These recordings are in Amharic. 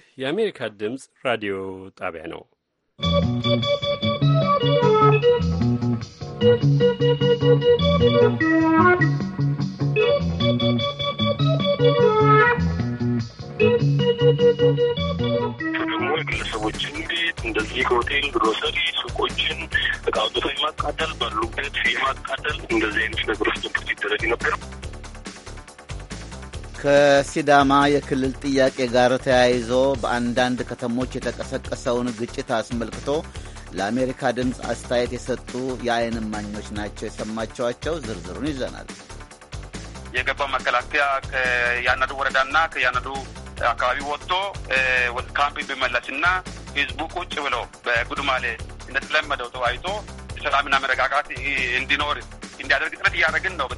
ይህ የአሜሪካ ድምፅ ራዲዮ ጣቢያ ነው። ግለሰቦች እንዴት እንደዚህ ሆቴል፣ ግሮሰሪ፣ ሱቆችን እቃ አውጥቶ የማቃጠል ባሉበት የማቃጠል እንደዚህ አይነት ነገሮች ነበር ሲደረግ ነበር። ከሲዳማ የክልል ጥያቄ ጋር ተያይዞ በአንዳንድ ከተሞች የተቀሰቀሰውን ግጭት አስመልክቶ ለአሜሪካ ድምፅ አስተያየት የሰጡ የአይን እማኞች ናቸው የሰማችኋቸው። ዝርዝሩን ይዘናል። የገባው መከላከያ ከያናዱ ወረዳና ከያናዱ አካባቢ ወጥቶ ወደ ካምፕ ቢመለስና ህዝቡ ቁጭ ብሎ በጉድማሌ እንደተለመደው ተወያይቶ ሰላምና መረጋጋት እንዲኖር እንዲያደርግ ጥረት እያደረግን ነው።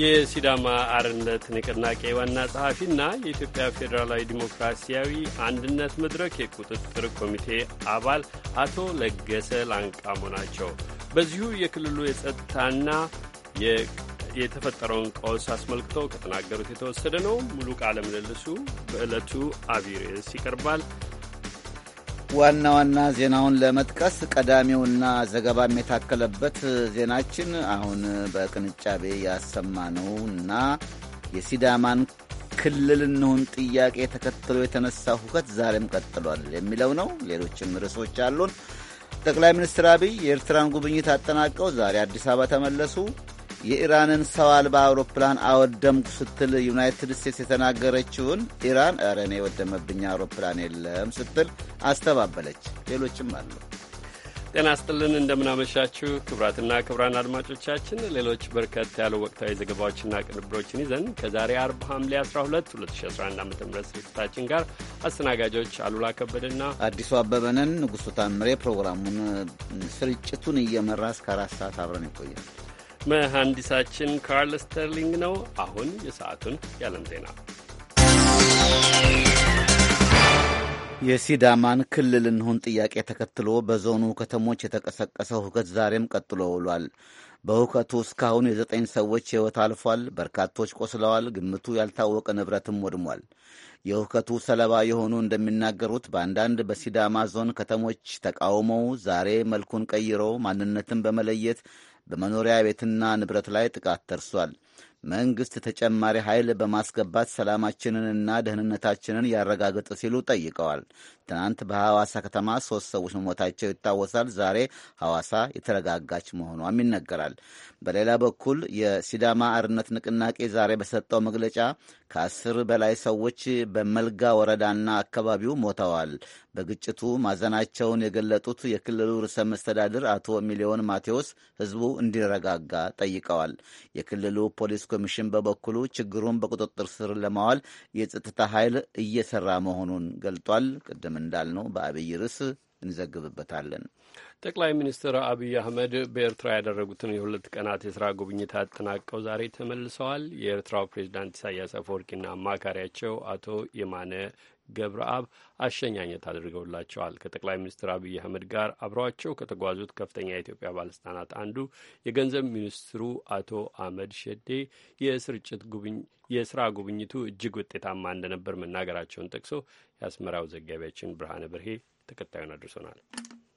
የሲዳማ አርነት ንቅናቄ ዋና ጸሐፊና የኢትዮጵያ ፌዴራላዊ ዲሞክራሲያዊ አንድነት መድረክ የቁጥጥር ኮሚቴ አባል አቶ ለገሰ ላንቃሞ ናቸው። በዚሁ የክልሉ የጸጥታና የተፈጠረውን ቀውስ አስመልክቶ ከተናገሩት የተወሰደ ነው። ሙሉ ቃለ ምልልሱ በዕለቱ አቢሬስ ይቀርባል። ዋና ዋና ዜናውን ለመጥቀስ ቀዳሚውና ዘገባም የታከለበት ዜናችን አሁን በቅንጫቤ ነው እና የሲዳማን ክልል እንሁን ጥያቄ ተከትሎ የተነሳ ሁከት ዛሬም ቀጥሏል የሚለው ነው። ሌሎችም ርዕሶች አሉን። ጠቅላይ ሚኒስትር አብይ የኤርትራን ጉብኝት አጠናቀው ዛሬ አዲስ አበባ ተመለሱ። የኢራንን ሰው አልባ አውሮፕላን አወደምኩ ስትል ዩናይትድ ስቴትስ የተናገረችውን ኢራን እረ እኔ የወደመብኝ አውሮፕላን የለም ስትል አስተባበለች። ሌሎችም አሉ። ጤና ስጥልን እንደምናመሻችሁ ክቡራትና ክቡራን አድማጮቻችን ሌሎች በርከት ያሉ ወቅታዊ ዘገባዎችና ቅንብሮችን ይዘን ከዛሬ አርብ ሐምሌ 12 2011 ዓ ም ስርጭታችን ጋር አስተናጋጆች አሉላ ከበደና አዲሱ አበበንን ንጉሱ ታምሬ ፕሮግራሙን ስርጭቱን እየመራ እስከ አራት ሰዓት አብረን ይቆያል። መሐንዲሳችን ካርል ስተርሊንግ ነው። አሁን የሰዓቱን የዓለም ዜና የሲዳማን ክልል እንሁን ጥያቄ ተከትሎ በዞኑ ከተሞች የተቀሰቀሰው ሁከት ዛሬም ቀጥሎ ውሏል። በሁከቱ እስካሁን የዘጠኝ ሰዎች ሕይወት አልፏል። በርካቶች ቆስለዋል። ግምቱ ያልታወቀ ንብረትም ወድሟል። የሁከቱ ሰለባ የሆኑ እንደሚናገሩት በአንዳንድ በሲዳማ ዞን ከተሞች ተቃውሞው ዛሬ መልኩን ቀይሮ ማንነትን በመለየት በመኖሪያ ቤትና ንብረት ላይ ጥቃት ደርሷል። መንግሥት ተጨማሪ ኃይል በማስገባት ሰላማችንንና ደህንነታችንን ያረጋግጥ ሲሉ ጠይቀዋል። ትናንት በሐዋሳ ከተማ ሦስት ሰዎች መሞታቸው ይታወሳል። ዛሬ ሐዋሳ የተረጋጋች መሆኗም ይነገራል። በሌላ በኩል የሲዳማ አርነት ንቅናቄ ዛሬ በሰጠው መግለጫ ከአስር በላይ ሰዎች በመልጋ ወረዳና አካባቢው ሞተዋል። በግጭቱ ማዘናቸውን የገለጡት የክልሉ ርዕሰ መስተዳድር አቶ ሚሊዮን ማቴዎስ ሕዝቡ እንዲረጋጋ ጠይቀዋል። የክልሉ ፖሊስ ኮሚሽን በበኩሉ ችግሩን በቁጥጥር ስር ለማዋል የጸጥታ ኃይል እየሰራ መሆኑን ገልጧል። ቅድም እንዳልነው በአብይ ርዕስ እንዘግብበታለን። ጠቅላይ ሚኒስትር አብይ አህመድ በኤርትራ ያደረጉትን የሁለት ቀናት የስራ ጉብኝት አጠናቀው ዛሬ ተመልሰዋል። የኤርትራው ፕሬዚዳንት ኢሳያስ አፈወርቂና አማካሪያቸው አቶ የማነ ገብረአብ አሸኛኘት አድርገውላቸዋል። ከጠቅላይ ሚኒስትር አብይ አህመድ ጋር አብረዋቸው ከተጓዙት ከፍተኛ የኢትዮጵያ ባለስልጣናት አንዱ የገንዘብ ሚኒስትሩ አቶ አህመድ ሸዴ የስርጭት ጉብኝ የስራ ጉብኝቱ እጅግ ውጤታማ እንደነበር መናገራቸውን ጠቅሶ የአስመራው ዘጋቢያችን ብርሃነ በርሄ ተከታዩን አድርሶናል።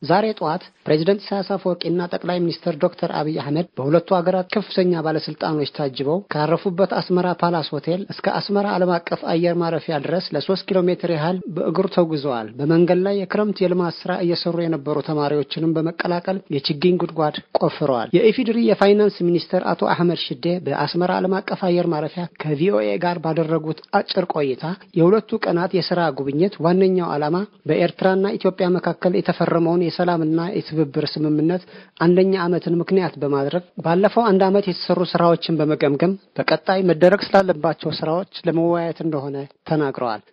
ዛሬ ጠዋት ፕሬዚደንት ኢሳያስ አፈወርቂና ጠቅላይ ሚኒስትር ዶክተር አብይ አህመድ በሁለቱ ሀገራት ከፍተኛ ባለስልጣኖች ታጅበው ካረፉበት አስመራ ፓላስ ሆቴል እስከ አስመራ ዓለም አቀፍ አየር ማረፊያ ድረስ ለሶስት ኪሎ ሜትር ያህል በእግር ተጉዘዋል። በመንገድ ላይ የክረምት የልማት ስራ እየሰሩ የነበሩ ተማሪዎችንም በመቀላቀል የችግኝ ጉድጓድ ቆፍረዋል። የኢፌዴሪ የፋይናንስ ሚኒስትር አቶ አህመድ ሽዴ በአስመራ ዓለም አቀፍ አየር ማረፊያ ከቪኦኤ ጋር ባደረጉት አጭር ቆይታ የሁለቱ ቀናት የስራ ጉብኝት ዋነኛው ዓላማ በኤርትራና ኢትዮጵያ መካከል የተፈረመውን የሰላምና የትብብር ስምምነት አንደኛ ዓመትን ምክንያት በማድረግ ባለፈው አንድ ዓመት የተሰሩ ስራዎችን በመገምገም በቀጣይ መደረግ ስላለባቸው ስራዎች ለመወያየት እንደሆነ ተናግረዋል።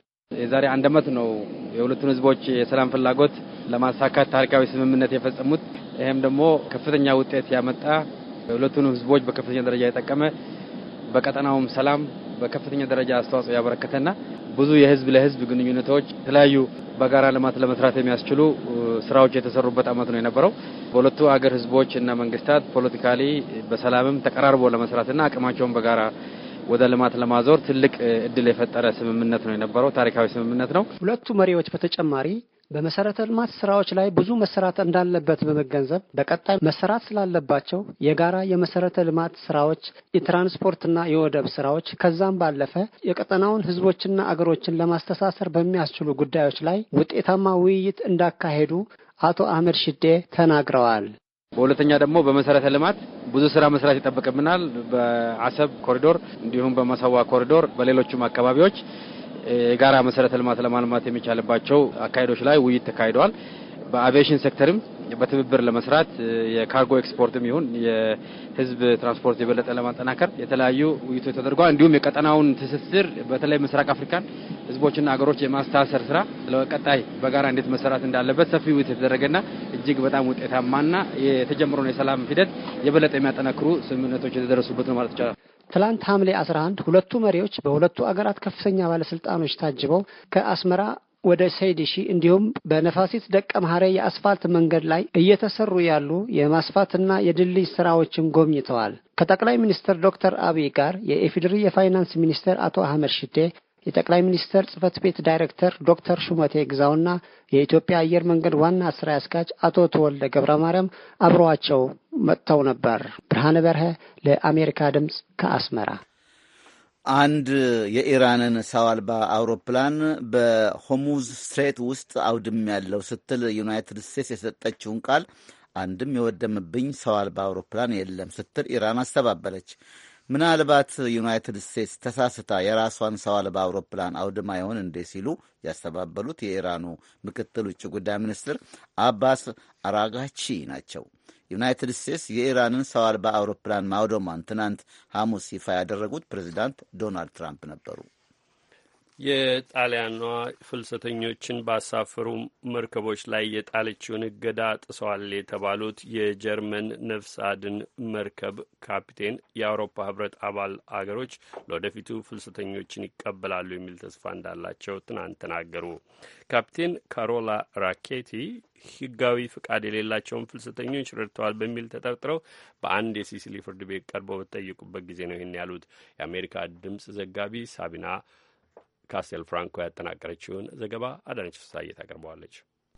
የዛሬ አንድ ዓመት ነው የሁለቱን ህዝቦች የሰላም ፍላጎት ለማሳካት ታሪካዊ ስምምነት የፈጸሙት። ይህም ደግሞ ከፍተኛ ውጤት ያመጣ የሁለቱን ህዝቦች በከፍተኛ ደረጃ የጠቀመ በቀጠናውም ሰላም በከፍተኛ ደረጃ አስተዋጽኦ ያበረከተና ብዙ የህዝብ ለህዝብ ግንኙነቶች የተለያዩ በጋራ ልማት ለመስራት የሚያስችሉ ስራዎች የተሰሩበት አመት ነው የነበረው። በሁለቱ አገር ህዝቦች እና መንግስታት ፖለቲካሊ በሰላምም ተቀራርቦ ለመስራትና አቅማቸውን በጋራ ወደ ልማት ለማዞር ትልቅ እድል የፈጠረ ስምምነት ነው የነበረው። ታሪካዊ ስምምነት ነው። ሁለቱ መሪዎች በተጨማሪ በመሰረተ ልማት ስራዎች ላይ ብዙ መሰራት እንዳለበት በመገንዘብ በቀጣይ መሰራት ስላለባቸው የጋራ የመሰረተ ልማት ስራዎች፣ የትራንስፖርትና የወደብ ስራዎች ከዛም ባለፈ የቀጠናውን ህዝቦችና አገሮችን ለማስተሳሰር በሚያስችሉ ጉዳዮች ላይ ውጤታማ ውይይት እንዳካሄዱ አቶ አህመድ ሽዴ ተናግረዋል። በሁለተኛ ደግሞ በመሰረተ ልማት ብዙ ስራ መስራት ይጠበቅብናል። በአሰብ ኮሪዶር እንዲሁም በመሰዋ ኮሪዶር፣ በሌሎቹም አካባቢዎች የጋራ መሰረተ ልማት ለማልማት የሚቻልባቸው አካሄዶች ላይ ውይይት ተካሂደዋል። በአቪዬሽን ሴክተርም በትብብር ለመስራት የካርጎ ኤክስፖርትም ይሁን የህዝብ ትራንስፖርት የበለጠ ለማጠናከር የተለያዩ ውይይቶች ተደርጓል። እንዲሁም የቀጠናውን ትስስር በተለይ ምስራቅ አፍሪካን ህዝቦችና ሀገሮች የማስተሳሰር ስራ ለቀጣይ በጋራ እንዴት መሰራት እንዳለበት ሰፊ ውይይት የተደረገና እጅግ በጣም ውጤታማና የተጀመረውን የሰላም ሂደት የበለጠ የሚያጠናክሩ ስምምነቶች የተደረሱበት ነው ማለት ይቻላል። ትላንት ሐምሌ 11 ሁለቱ መሪዎች በሁለቱ አገራት ከፍተኛ ባለስልጣኖች ታጅበው ከአስመራ ወደ ሰይድሺ እንዲሁም በነፋሲት ደቀ መሐሬ የአስፋልት መንገድ ላይ እየተሰሩ ያሉ የማስፋትና የድልድይ ስራዎችን ጎብኝተዋል። ከጠቅላይ ሚኒስትር ዶክተር አብይ ጋር የኢፌዴሪ የፋይናንስ ሚኒስቴር አቶ አህመድ ሽዴ የጠቅላይ ሚኒስተር ጽህፈት ቤት ዳይሬክተር ዶክተር ሹመቴ ግዛውና የኢትዮጵያ አየር መንገድ ዋና ስራ አስኪያጅ አቶ ተወልደ ገብረ ማርያም አብረዋቸው መጥተው ነበር። ብርሃነ በርሀ ለአሜሪካ ድምፅ ከአስመራ። አንድ የኢራንን ሰው አልባ አውሮፕላን በሆሙዝ ስትሬት ውስጥ አውድም ያለው ስትል ዩናይትድ ስቴትስ የሰጠችውን ቃል አንድም የወደምብኝ ሰው አልባ አውሮፕላን የለም ስትል ኢራን አስተባበለች። ምናልባት ዩናይትድ ስቴትስ ተሳስታ የራሷን ሰው አልባ አውሮፕላን አውድማ ይሆን እንዴ ሲሉ ያስተባበሉት የኢራኑ ምክትል ውጭ ጉዳይ ሚኒስትር አባስ አራጋቺ ናቸው። ዩናይትድ ስቴትስ የኢራንን ሰው አልባ አውሮፕላን ማውደሟን ትናንት ሐሙስ ይፋ ያደረጉት ፕሬዚዳንት ዶናልድ ትራምፕ ነበሩ። የጣሊያኗ ፍልሰተኞችን ባሳፈሩ መርከቦች ላይ የጣለችውን እገዳ ጥሰዋል የተባሉት የጀርመን ነፍስ አድን መርከብ ካፒቴን የአውሮፓ ሕብረት አባል አገሮች ለወደፊቱ ፍልሰተኞችን ይቀበላሉ የሚል ተስፋ እንዳላቸው ትናንት ተናገሩ። ካፒቴን ካሮላ ራኬቲ ህጋዊ ፍቃድ የሌላቸውን ፍልሰተኞች ረድተዋል በሚል ተጠርጥረው በአንድ የሲሲሊ ፍርድ ቤት ቀርበው በተጠየቁበት ጊዜ ነው ይህን ያሉት። የአሜሪካ ድምጽ ዘጋቢ ሳቢና ካስቴል ፍራንኮ ያጠናቀረችውን ዘገባ አዳነች ፍሳዬ ታቀርበዋለች።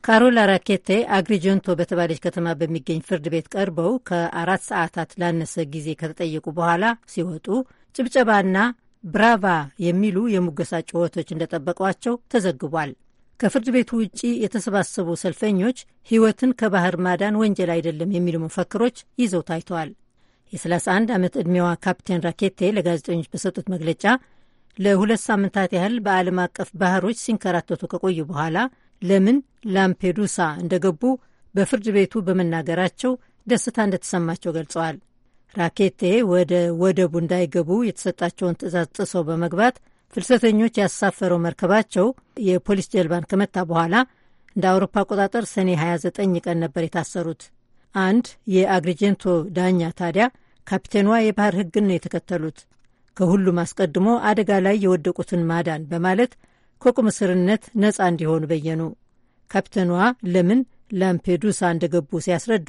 ካሮላ ራኬቴ አግሪጀንቶ በተባለች ከተማ በሚገኝ ፍርድ ቤት ቀርበው ከአራት ሰዓታት ላነሰ ጊዜ ከተጠየቁ በኋላ ሲወጡ ጭብጨባና ብራቫ የሚሉ የሙገሳ ጩኸቶች እንደጠበቋቸው ተዘግቧል። ከፍርድ ቤቱ ውጪ የተሰባሰቡ ሰልፈኞች ሕይወትን ከባህር ማዳን ወንጀል አይደለም የሚሉ መፈክሮች ይዘው ታይተዋል። የ31 ዓመት ዕድሜዋ ካፕቴን ራኬቴ ለጋዜጠኞች በሰጡት መግለጫ ለሁለት ሳምንታት ያህል በዓለም አቀፍ ባህሮች ሲንከራተቱ ከቆዩ በኋላ ለምን ላምፔዱሳ እንደገቡ በፍርድ ቤቱ በመናገራቸው ደስታ እንደተሰማቸው ገልጸዋል። ራኬቴ ወደ ወደቡ እንዳይገቡ የተሰጣቸውን ትዕዛዝ ጥሰው በመግባት ፍልሰተኞች ያሳፈረው መርከባቸው የፖሊስ ጀልባን ከመታ በኋላ እንደ አውሮፓ አቆጣጠር ሰኔ 29 ቀን ነበር የታሰሩት። አንድ የአግሪጀንቶ ዳኛ ታዲያ ካፒቴኗ የባህር ሕግን ነው የተከተሉት፣ ከሁሉም አስቀድሞ አደጋ ላይ የወደቁትን ማዳን በማለት ከቁም እስርነት ነፃ እንዲሆኑ በየኑ። ካፕተኗ ለምን ላምፔዱሳ እንደገቡ ሲያስረዱ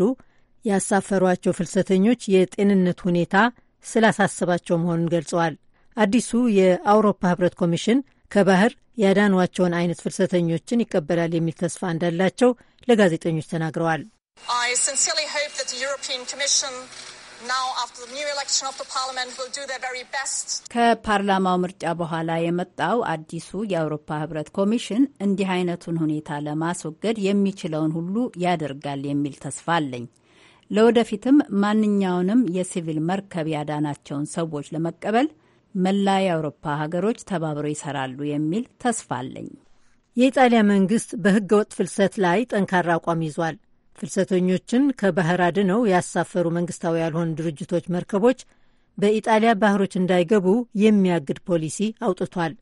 ያሳፈሯቸው ፍልሰተኞች የጤንነት ሁኔታ ስላሳሰባቸው መሆኑን ገልጸዋል። አዲሱ የአውሮፓ ህብረት ኮሚሽን ከባህር ያዳኗቸውን አይነት ፍልሰተኞችን ይቀበላል የሚል ተስፋ እንዳላቸው ለጋዜጠኞች ተናግረዋል። ከፓርላማው ምርጫ በኋላ የመጣው አዲሱ የአውሮፓ ህብረት ኮሚሽን እንዲህ አይነቱን ሁኔታ ለማስወገድ የሚችለውን ሁሉ ያደርጋል የሚል ተስፋ አለኝ። ለወደፊትም ማንኛውንም የሲቪል መርከብ ያዳናቸውን ሰዎች ለመቀበል መላ የአውሮፓ ሀገሮች ተባብረው ይሰራሉ የሚል ተስፋ አለኝ። የኢጣሊያ መንግስት በህገ ወጥ ፍልሰት ላይ ጠንካራ አቋም ይዟል። ፍልሰተኞችን ከባህር አድነው ያሳፈሩ መንግስታዊ ያልሆኑ ድርጅቶች መርከቦች በኢጣሊያ ባህሮች እንዳይገቡ የሚያግድ ፖሊሲ አውጥቷል።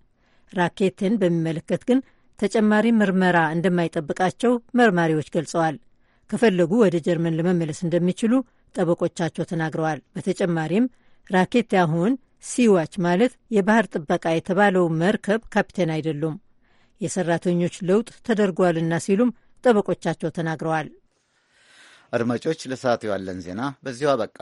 ራኬትን በሚመለከት ግን ተጨማሪ ምርመራ እንደማይጠብቃቸው መርማሪዎች ገልጸዋል። ከፈለጉ ወደ ጀርመን ለመመለስ እንደሚችሉ ጠበቆቻቸው ተናግረዋል። በተጨማሪም ራኬት አሁን ሲዋች ማለት የባህር ጥበቃ የተባለው መርከብ ካፒቴን አይደሉም፣ የሰራተኞች ለውጥ ተደርጓልና ሲሉም ጠበቆቻቸው ተናግረዋል። አድማጮች፣ ለሰዓት ያለን ዜና በዚሁ አበቃ።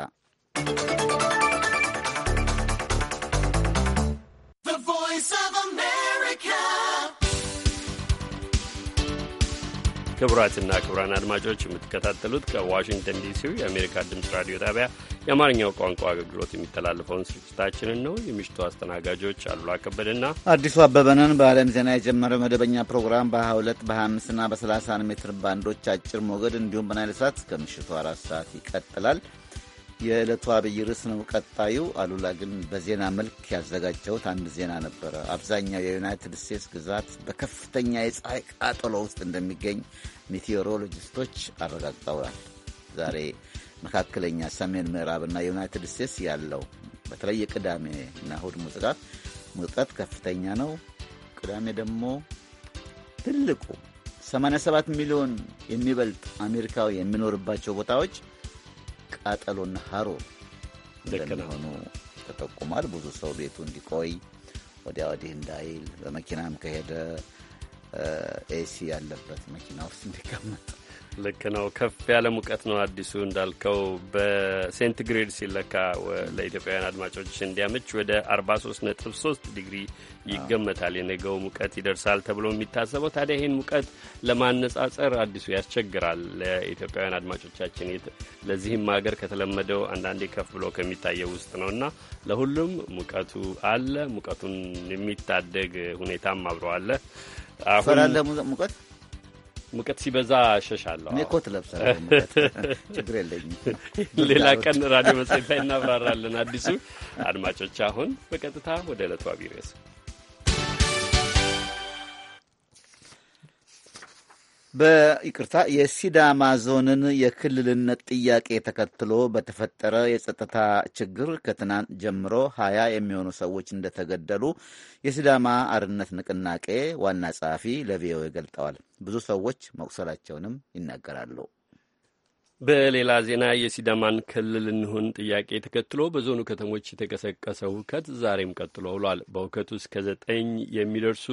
ክቡራትና ክቡራን አድማጮች የምትከታተሉት ከዋሽንግተን ዲሲው የአሜሪካ ድምፅ ራዲዮ ጣቢያ የአማርኛው ቋንቋ አገልግሎት የሚተላለፈውን ስርጭታችንን ነው። የምሽቱ አስተናጋጆች አሉላ ከበደና አዲሱ አበበንን በዓለም ዜና የጀመረው መደበኛ ፕሮግራም በ22 በ25ና በ 30 ሜትር ባንዶች አጭር ሞገድ እንዲሁም በናይል ሳት እስከ ምሽቱ አራት ሰዓት ይቀጥላል። የዕለቱ አብይ ርዕስ ነው ቀጣዩ። አሉላ ግን በዜና መልክ ያዘጋጀሁት አንድ ዜና ነበረ። አብዛኛው የዩናይትድ ስቴትስ ግዛት በከፍተኛ የፀሐይ ቃጠሎ ውስጥ እንደሚገኝ ሚቴዎሮሎጂስቶች አረጋግጠዋል። ዛሬ መካከለኛ ሰሜን ምዕራብና የዩናይትድ ስቴትስ ያለው በተለይ ቅዳሜና እሁድ ሙቀት ሙቀት ከፍተኛ ነው። ቅዳሜ ደግሞ ትልቁ 87 ሚሊዮን የሚበልጥ አሜሪካዊ የሚኖርባቸው ቦታዎች ቃጠሎና ሀሮ እንደሚሆኑ ተጠቁሟል። ብዙ ሰው ቤቱ እንዲቆይ ወዲያ ወዲህ እንዳይል በመኪናም ከሄደ ኤሲ ያለበት መኪና ውስጥ እንዲቀመጥ ልክ ነው። ከፍ ያለ ሙቀት ነው። አዲሱ እንዳልከው በሴንቲግሬድ ሲለካ ለኢትዮጵያውያን አድማጮች እንዲያመች ወደ 43.3 ዲግሪ ይገመታል። የነገው ሙቀት ይደርሳል ተብሎ የሚታሰበው ታዲያ ይህን ሙቀት ለማነጻጸር አዲሱ ያስቸግራል ለኢትዮጵያውያን አድማጮቻችን። ለዚህም ሀገር ከተለመደው አንዳንዴ ከፍ ብሎ ከሚታየው ውስጥ ነው እና ለሁሉም ሙቀቱ አለ። ሙቀቱን የሚታደግ ሁኔታም አብረዋለ አሁን ሙቀት ሙቀት ሲበዛ ሸሻለሁ። እኔ ኮት ለብሰ ችግር የለኝም። ሌላ ቀን ራዲዮ መጽሔት ላይ እናብራራለን። አዲሱ አድማጮች፣ አሁን በቀጥታ ወደ ዕለቱ አቢሬስ በይቅርታ የሲዳማ ዞንን የክልልነት ጥያቄ ተከትሎ በተፈጠረ የጸጥታ ችግር ከትናንት ጀምሮ ሀያ የሚሆኑ ሰዎች እንደተገደሉ የሲዳማ አርነት ንቅናቄ ዋና ጸሐፊ ለቪኦኤ ገልጠዋል። ብዙ ሰዎች መቁሰላቸውንም ይናገራሉ። በሌላ ዜና የሲዳማን ክልል እንሁን ጥያቄ ተከትሎ በዞኑ ከተሞች የተቀሰቀሰው ሁከት ዛሬም ቀጥሎ ውሏል። በሁከቱ እስከ ዘጠኝ የሚደርሱ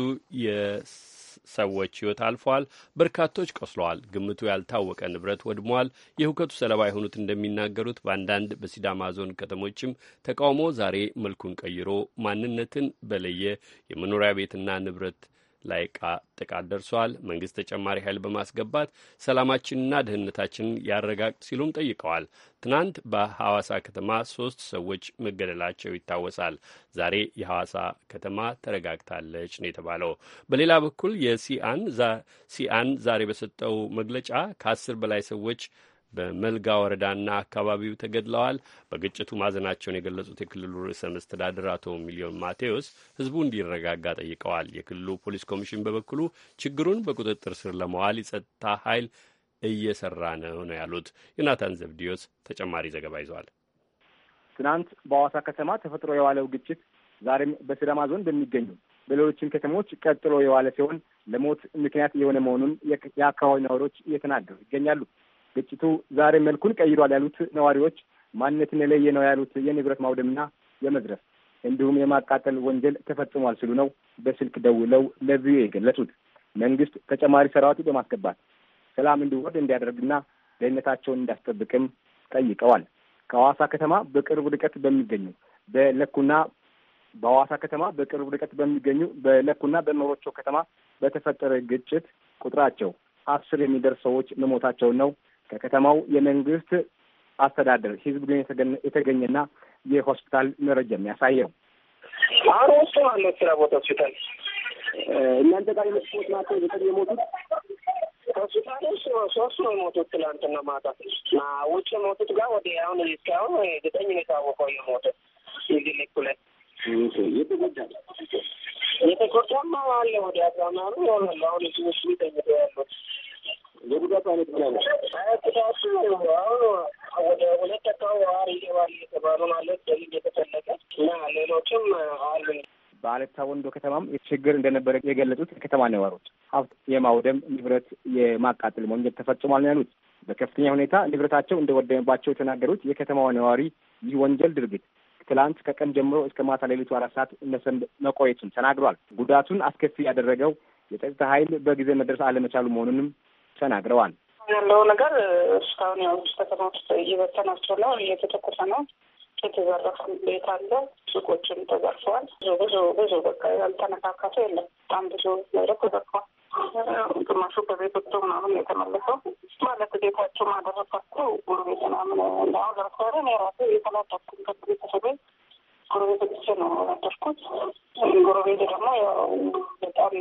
ሰዎች ሕይወት አልፈዋል፣ በርካቶች ቆስለዋል፣ ግምቱ ያልታወቀ ንብረት ወድሟል። የሁከቱ ሰለባ የሆኑት እንደሚናገሩት በአንዳንድ በሲዳማ ዞን ከተሞችም ተቃውሞ ዛሬ መልኩን ቀይሮ ማንነትን በለየ የመኖሪያ ቤትና ንብረት ላይ ጥቃት ደርሷል። መንግስት ተጨማሪ ኃይል በማስገባት ሰላማችንና ደህንነታችንን ያረጋግጥ ሲሉም ጠይቀዋል። ትናንት በሐዋሳ ከተማ ሶስት ሰዎች መገደላቸው ይታወሳል። ዛሬ የሐዋሳ ከተማ ተረጋግታለች ነው የተባለው። በሌላ በኩል የሲአን ዛሬ በሰጠው መግለጫ ከአስር በላይ ሰዎች በመልጋ ወረዳና አካባቢው ተገድለዋል። በግጭቱ ማዘናቸውን የገለጹት የክልሉ ርዕሰ መስተዳድር አቶ ሚሊዮን ማቴዎስ ህዝቡ እንዲረጋጋ ጠይቀዋል። የክልሉ ፖሊስ ኮሚሽን በበኩሉ ችግሩን በቁጥጥር ስር ለመዋል የጸጥታ ኃይል እየሰራ ነው ነው ያሉት። ዮናታን ዘብዲዮስ ተጨማሪ ዘገባ ይዘዋል። ትናንት በአዋሳ ከተማ ተፈጥሮ የዋለው ግጭት ዛሬም በስዳማ ዞን በሚገኙ በሌሎችም ከተሞች ቀጥሎ የዋለ ሲሆን ለሞት ምክንያት የሆነ መሆኑን የአካባቢ ነዋሪዎች እየተናገሩ ይገኛሉ። ግጭቱ ዛሬ መልኩን ቀይሯል ያሉት ነዋሪዎች ማንነትን የለየ ነው ያሉት የንብረት ማውደምና የመዝረፍ እንዲሁም የማቃጠል ወንጀል ተፈጽሟል ሲሉ ነው በስልክ ደውለው ለቪኦኤ የገለጹት። መንግስት ተጨማሪ ሰራዊት በማስገባት ሰላም እንዲወርድ እንዲያደርግና ደህንነታቸውን እንዳስጠብቅም ጠይቀዋል። ከሐዋሳ ከተማ በቅርብ ርቀት በሚገኙ በለኩና በሐዋሳ ከተማ በቅርብ ርቀት በሚገኙ በለኩና በመሮቾ ከተማ በተፈጠረ ግጭት ቁጥራቸው አስር የሚደርስ ሰዎች መሞታቸውን ነው ከከተማው የመንግስት አስተዳደር ህዝብ ግን የተገኘና የሆስፒታል መረጃ የሚያሳየው አሮ ውስጥ ማለት ስራ ቦታ ሆስፒታል እናንተ ጋር የመስኮት ናቸው ዘጠኝ የሞቱት ሆስፒታል ውስጥ ሶስት ነው የሞቱት። ትላንትና ማታ ውጭ የሞቱት ጋር ወደ አሁን እስካሁን ዘጠኝ ነው የታወቀው የሞቱት እዚህ ላይ የተጎዳ የተጎዳማ አለ ወደ አዛማሩ ሆነ አሁን እዚህ ውስጥ ተኝተው ያሉት የጉዳት አይነት ምን አይነት ጉዳቱ? አሁን ወደ ሁለት አካባቢ ዋሪ ይገባል የተባሉ ማለት ደሊል የተፈለቀ እና ሌሎችም አሉ። በአለታ ወንዶ ከተማም ችግር እንደነበረ የገለጹት የከተማ ነዋሪዎች ሀብት የማውደም ንብረት የማቃጠል ወንጀል ተፈጽሟል ያሉት። በከፍተኛ ሁኔታ ንብረታቸው እንደወደመባቸው የተናገሩት የከተማዋ ነዋሪ ይህ ወንጀል ድርጊት ትላንት ከቀን ጀምሮ እስከ ማታ ሌሊቱ አራት ሰዓት እነሰን መቆየቱን ተናግሯል። ጉዳቱን አስከፊ ያደረገው የጸጥታ ኃይል በጊዜ መድረስ አለመቻሉ መሆኑንም ተናግረዋል። ያለው ነገር እስካሁን ያው ከተማ ውስጥ እየበተናቸው ነው፣ እየተተኮሰ ነው። የተዘረፉ ቤት አለ፣ ሱቆችም ተዘርፈዋል። ብዙ ብዙ ብዙ በቃ ያልተነካካቱ የለም። በጣም ብዙ ነገር ተዘርፈዋል። ግማሹ በቤት ወጥቶ ምናምን የተመለሰው ማለት ቤታቸው ማደረፋቸው ጉርቤት ምናምን እንዳሁን ዘርፈረ ራሱ የተላጠኩ ከቤተሰቤ ጉርቤት ብቻ ነው ያደርኩት። ጉርቤት ደግሞ ያው በጣም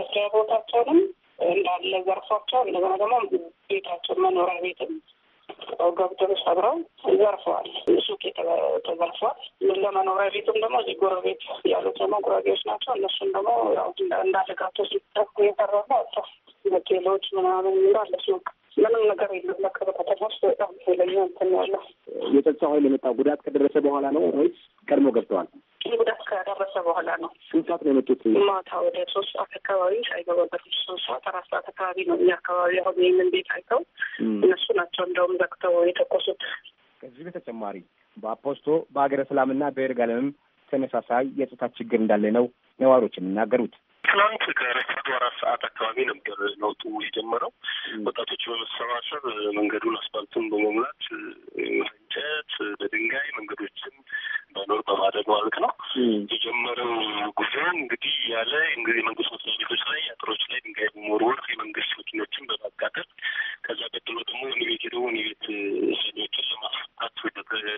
መስሪያ ቦታቸውንም እንዳለ ዘርፏቸው እንደገና ደግሞ ቤታቸው መኖሪያ ቤትም ገብተው ሰብረው ዘርፈዋል። ሱቅ ተዘርፏል። ለመኖሪያ ቤትም ደግሞ እዚህ ጎረቤት ያሉት ደግሞ ጉራጌዎች ናቸው። እነሱም ደግሞ እንዳለ ገብተው ሲጠቁ የተረፈ ሆቴሎች ምናምን እንዳለ ሱቅ ምንም ነገር የለም። ከተማች በጣም ኃይለኛ እንትን ያለ የጸጥታው ኃይል የመጣው ጉዳት ከደረሰ በኋላ ነው ወይስ ቀድሞ ገብተዋል? ይህ ጉዳት ከደረሰ በኋላ ነው። ስንት ሰዓት ነው የመጡት? ማታ ወደ ሶስት ሰዓት አካባቢ ሳይገባበት ሶስት ሰዓት አራት ሰዓት አካባቢ ነው እኛ አካባቢ አሁን ይህንን ቤት አይተው እነሱ ናቸው እንደውም ዘግተው የተኮሱት። ከዚህ በተጨማሪ በአፖስቶ በሀገረ ሰላምና በይርጋለምም ተመሳሳይ የጸጥታ ችግር እንዳለ ነው ነዋሪዎች የሚናገሩት። ትናንት ከረፋዱ አራት ሰዓት አካባቢ ነበር ለውጡ የጀመረው። ወጣቶች በመሰባሰብ መንገዱን አስፋልቱን በመሙላት በእንጨት በድንጋይ መንገዶችን በኖር በማድረግ ማለት ነው የጀመረው ጉዞ እንግዲህ ያለ እንግዲህ የመንግስት መስሪያ ቤቶች ላይ አጥሮች ላይ ድንጋይ በመወርወር የመንግስት መኪኖችን በማቃጠል ከዛ ቀጥሎ ደግሞ ኒቤት ሄደ ኒቤት ሰዎችን ለማስፈታት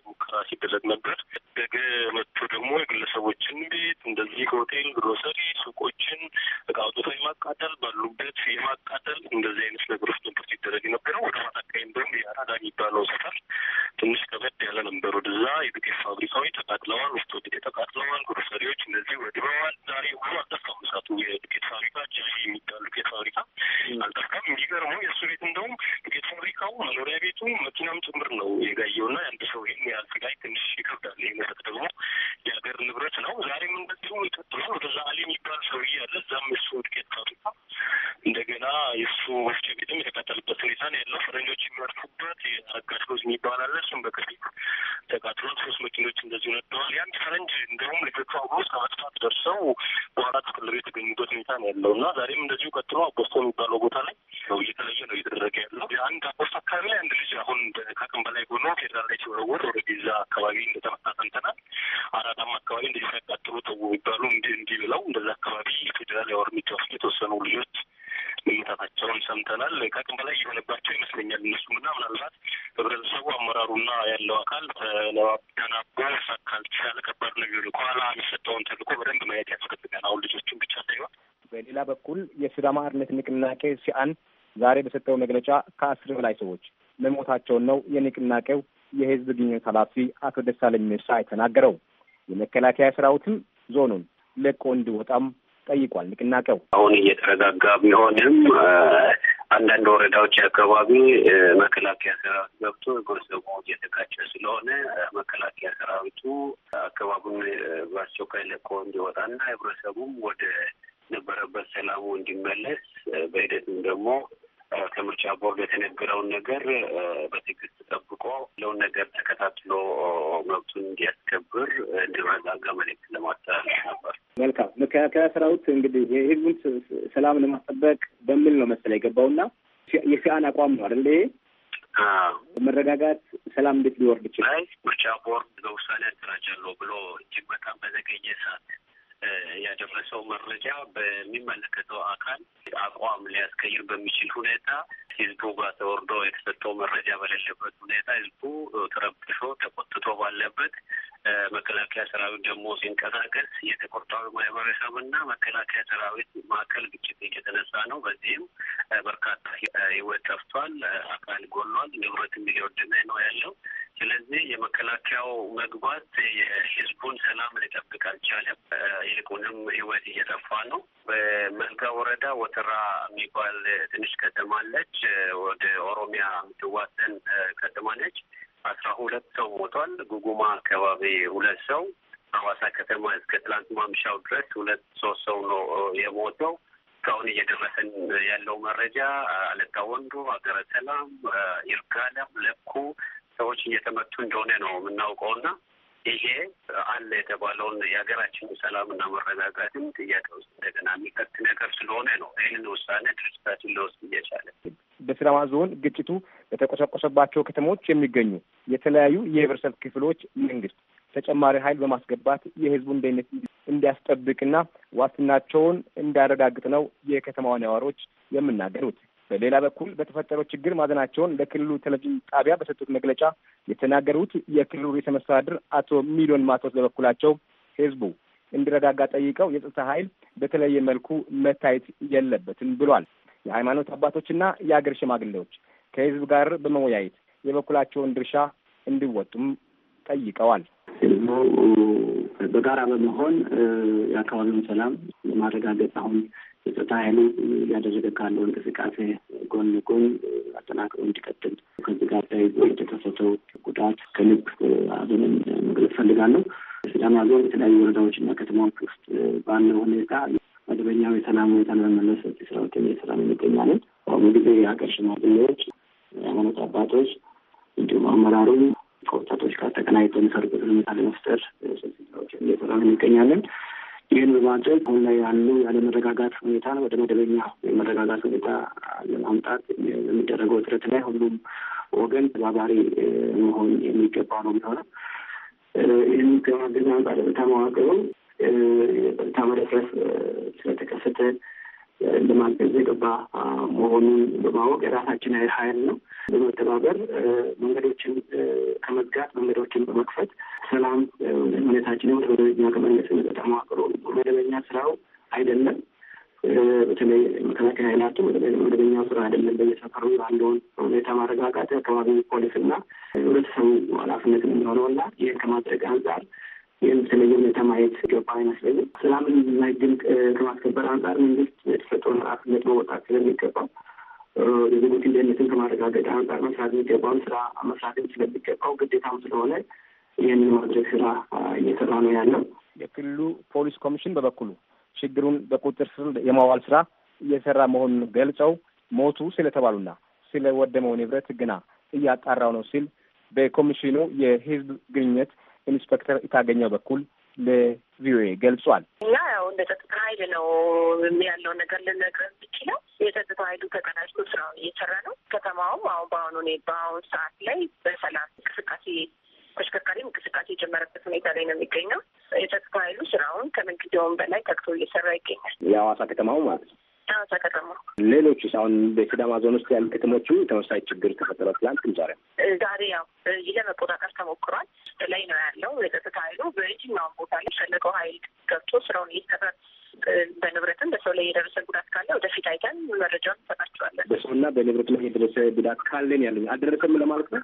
ሙከራ ሲደረግ ነበር። ደገ መጥቶ ደግሞ የግለሰቦችን ቤት እንደዚህ ሆቴል፣ ግሮሰሪ፣ ሱቆችን እቃ አውጥቶ የማቃጠል ባሉበት የማቃጠል እንደዚህ አይነት ነገሮች ነበር ሲደረግ ነበረው። ወደ ማጠቃይም ደግሞ የአራዳ የሚባለው ሰፈር ትንሽ ትንሽ ከበድ ያለ ነበር። ወደዛ የዱቄት ፋብሪካዎች ተቃጥለዋል፣ ውስጥ ወደ ተቃጥለዋል፣ ግሮሰሪዎች እነዚህ ወድመዋል። ዛሬ ሁሉ አልጠፋም እሳቱ። የዱቄት ፋብሪካ ጃሺ የሚባል ዱቄት ፋብሪካ አልጠፋም። የሚገርመው የእሱ ቤት እንደውም ዱቄት ፋብሪካው መኖሪያ ቤቱ መኪናም ጭምር ነው የጋየው የጋየውና የአንድ ሰው ይህን ያህል ስቃይ ትንሽ ይከብዳል። ይህ መጠቅ ደግሞ የሀገር ንብረት ነው። ዛሬም እንደዚሁ ይቀጥላል። ወደዛ አሊ የሚባል ሰውዬ ያለ እዛም የእሱ ዱቄት ፋብሪካ እንደገና የእሱ መፍጫ ቤትም የተቃጠልበት ሁኔታ ነው ያለው። ፈረንጆች የሚመርፉበት የአጋድጎዝ የሚባል አለ እሱም በከፊል ተቃጥሎ ሶስት መኪኖች እንደዚህ ነደዋል። የአንድ ፈረንጅ እንዲሁም ልጆቹ አብሮ እስከ ማጥፋት ደርሰው በኋላ ቤት የተገኙበት ሁኔታ ነው ያለው እና ዛሬም እንደዚሁ ቀጥሎ አቦስቶ የሚባለው ቦታ ላይ ነው እየተለየ ነው እየተደረገ ያለው። የአንድ አቦስቶ አካባቢ ላይ አንድ ልጅ አሁን ከአቅም በላይ ሆኖ ፌዴራል ላይ ሲወረወር ወደ ቤዛ አካባቢ እንደተመታ ሰምተናል። አራዳማ አካባቢ እንደዚህ ሲያቃጥሉ ተው የሚባሉ እንዲህ እንዲህ ብለው እንደዛ አካባቢ ፌዴራል ያው እርምጃ ውስጥ የተወሰኑ ልጆች መሞታታቸውን ሰምተናል። ከአቅም በላይ እየሆነባቸው ይመስለኛል። እነሱም እና ምናልባት ህብረተሰቡ አመራሩና ያለው አካል ተናቦ ሳካል ተሻለ ከባድ ነው የሚሆኑ ከኋላ የሚሰጠውን ተልእኮ በደንብ ማየት ያስፈልጋል። አሁን ልጆቹን ብቻ ሳይሆን በሌላ በኩል የሲዳማ አርነት ንቅናቄ ሲአን ዛሬ በሰጠው መግለጫ ከአስር በላይ ሰዎች መሞታቸውን ነው የንቅናቄው የህዝብ ግንኙነት ኃላፊ አቶ ደሳለኝ ምርሳ የተናገረው። የመከላከያ ሰራዊትም ዞኑን ለቆ እንዲወጣም ጠይቋል። ንቅናቄው አሁን እየተረጋጋ ቢሆንም አንዳንድ ወረዳዎች አካባቢ መከላከያ ሰራዊት ገብቶ ግለሰቡ እየተጋጨ ስለሆነ መከላከያ ሰራዊቱ አካባቢውን በአስቸኳይ ለቆ እንዲወጣና ህብረተሰቡም ወደ ነበረበት ሰላሙ እንዲመለስ በሂደትም ደግሞ ከምርጫ ቦርድ የተነገረውን ነገር በትዕግስት ጠብቆ ለውን ነገር ተከታትሎ መብቱን እንዲያስከብር እንዲረጋጋ መልዕክት ለማስተላለፍ ነበር። መልካም መከላከያ ሰራዊት እንግዲህ የህዝቡን ሰላም ለማስጠበቅ በሚል ነው መሰለህ የገባውና የሲአን አቋም ነው አይደል? ይሄ መረጋጋት ሰላም እንዴት ሊወርድ ይችላል? ምርጫ ቦርድ በውሳኔ አደራጃለሁ ብሎ እጅግ በጣም በዘገየ ሰዓት ያደረሰው መረጃ በሚመለከተው አካል አቋም ሊያስቀይር በሚችል ሁኔታ ህዝቡ ጋር ተወርዶ የተሰጠው መረጃ በሌለበት ሁኔታ ህዝቡ ተረብሾ ተቆጥቶ ባለበት መከላከያ ሰራዊት ደግሞ ሲንቀሳቀስ የተቆርጣዊ ማህበረሰብ እና መከላከያ ሰራዊት መካከል ግጭት እየተነሳ ነው። በዚህም በርካታ ህይወት ጠፍቷል፣ አካል ጎሏል፣ ንብረትም የሚወድመ ነው ያለው። ስለዚህ የመከላከያው መግባት የህዝቡን ሰላም ሊጠብቅ አልቻለም። ይልቁንም ህይወት እየጠፋ ነው። በመልጋ ወረዳ ወተራ የሚባል ትንሽ ከተማ አለች። ወደ ኦሮሚያ የምትዋሰን ከተማ ነች። አስራ ሁለት ሰው ሞቷል። ጉጉማ አካባቢ ሁለት ሰው፣ ሀዋሳ ከተማ እስከ ትላንት ማምሻው ድረስ ሁለት ሶስት ሰው ነው የሞተው። እስካሁን እየደረሰን ያለው መረጃ አለታ ወንዱ፣ ሀገረ ሰላም፣ ይርጋለም፣ ለኩ ሰዎች እየተመቱ እንደሆነ ነው የምናውቀው እና ይሄ አለ የተባለውን የሀገራችንን ሰላምና መረጋጋትን ጥያቄ ውስጥ እንደገና የሚከት ነገር ስለሆነ ነው ይህንን ውሳኔ ድርጅታችን ለውስጥ እየቻለ በሲዳማ ዞን ግጭቱ በተቆሰቆሰባቸው ከተሞች የሚገኙ የተለያዩ የህብረተሰብ ክፍሎች መንግስት ተጨማሪ ኃይል በማስገባት የህዝቡን ደህንነት እንዲያስጠብቅና ዋስትናቸውን እንዲያረጋግጥ ነው የከተማዋ ነዋሪዎች የምናገሩት። በሌላ በኩል በተፈጠረው ችግር ማዘናቸውን ለክልሉ ቴሌቪዥን ጣቢያ በሰጡት መግለጫ የተናገሩት የክልሉ ርዕሰ መስተዳድር አቶ ሚሊዮን ማቶስ በበኩላቸው ህዝቡ እንዲረጋጋ ጠይቀው የጸጥታ ኃይል በተለየ መልኩ መታየት የለበትም ብሏል። የሃይማኖት አባቶችና የአገር ሽማግሌዎች ከህዝብ ጋር በመወያየት የበኩላቸውን ድርሻ እንዲወጡም ጠይቀዋል። ደግሞ በጋራ በመሆን የአካባቢውን ሰላም ለማረጋገጥ አሁን የጸጥታ ኃይሉ እያደረገ ካለው እንቅስቃሴ ጎን ጎን አጠናክሮ እንዲቀጥል ከዚህ ጋር ተያይዞ የተከሰተው ጉዳት ከልብ አዘንን መግለጽ ፈልጋለሁ። ሲዳማ ዞን የተለያዩ ወረዳዎችና ከተማዎች ውስጥ ባለው ሁኔታ መደበኛው የሰላም ሁኔታ ለመመለስ ስራዎች እየሰራን እንገኛለን። በአሁኑ ጊዜ የሀገር ሽማግሌዎች፣ የሃይማኖት አባቶች እንዲሁም አመራሩም ከወጣቶች ጋር ተቀናይቶ የሚሰሩበት ሁኔታ ለመፍጠር ሰፊ ስራዎችን እየሰራን እንገኛለን። ይህን በማድረግ አሁን ላይ ያሉ ያለመረጋጋት ሁኔታ ወደ መደበኛ የመረጋጋት ሁኔታ ለማምጣት የሚደረገው ጥረት ላይ ሁሉም ወገን ተባባሪ መሆን የሚገባ ነው የሚሆነው። ይህን ከማገዝ አንጻር በተመዋቅሩ በጣም መደፍረስ ስለተከሰተ ለማገዝ የገባ መሆኑን በማወቅ የራሳችን ኃይል ነው በመተባበር መንገዶችን ከመዝጋት መንገዶችን በመክፈት ሰላም ሁኔታችን ወደ መደበኛ ከመለስ መዋቅሮ መደበኛ ስራው አይደለም። በተለይ መከላከያ ኃይላቱ መደበኛው ስራ አይደለም። በየሰፈሩ ያለውን ሁኔታ ማረጋጋት የአካባቢ ፖሊስና ህብረተሰቡ ኃላፊነት የሚሆነውና ይህን ከማድረግ አንጻር የተለየ ሁኔታ ማየት ገባ አይመስለኝም። ሰላምን ማይድል ከማስከበር አንጻር መንግስት የተሰጠውን ራፍ መወጣት ስለሚገባው የዜጎችን ደህንነትን ከማረጋገጥ አንጻር መስራት የሚገባውን ስራ መስራት ስለሚገባው ግዴታም ስለሆነ ይህንን ማድረግ ስራ እየሰራ ነው ያለው። የክልሉ ፖሊስ ኮሚሽን በበኩሉ ችግሩን በቁጥጥር ስር የማዋል ስራ እየሰራ መሆኑን ገልጸው ሞቱ ስለተባሉና ስለወደመው ንብረት ግና እያጣራው ነው ሲል በኮሚሽኑ የህዝብ ግንኙነት ኢንስፔክተር የታገኘው በኩል ለቪኦኤ ገልጿል። እና ያው እንደ ጸጥታ ኃይል ነው ያለው ነገር ልነግር ይችላል። የጸጥታ ኃይሉ ተቀናጅቶ ስራውን እየሰራ ነው። ከተማውም አሁን በአሁኑ በአሁን ሰዓት ላይ በሰላም እንቅስቃሴ ተሽከርካሪም እንቅስቃሴ የጀመረበት ሁኔታ ላይ ነው የሚገኘው። የጸጥታ ኃይሉ ስራውን ከምንጊዜውም በላይ ተግቶ እየሰራ ይገኛል። የሐዋሳ ከተማው ማለት ነው። ሌሎች አሁን በሲዳማ ዞን ውስጥ ያሉ ከተሞቹ ተመሳሳይ ችግር ተፈጠረ። ትላንትም ዛሬ ዛሬ ያው ለመቆጣጠር ተሞክሯል ላይ ነው ያለው የጸጥታ ኃይሉ በየትኛውም ቦታ ላይ ሸለቀው ኃይል ገብቶ ስራውን እየሰራ በንብረትም በሰው ላይ የደረሰ ጉዳት ካለ ወደፊት አይተን መረጃውን እንሰጣቸዋለን። በሰውና በንብረት ላይ የደረሰ ጉዳት ካለን ያለ አልደረሰም ለማለት ነው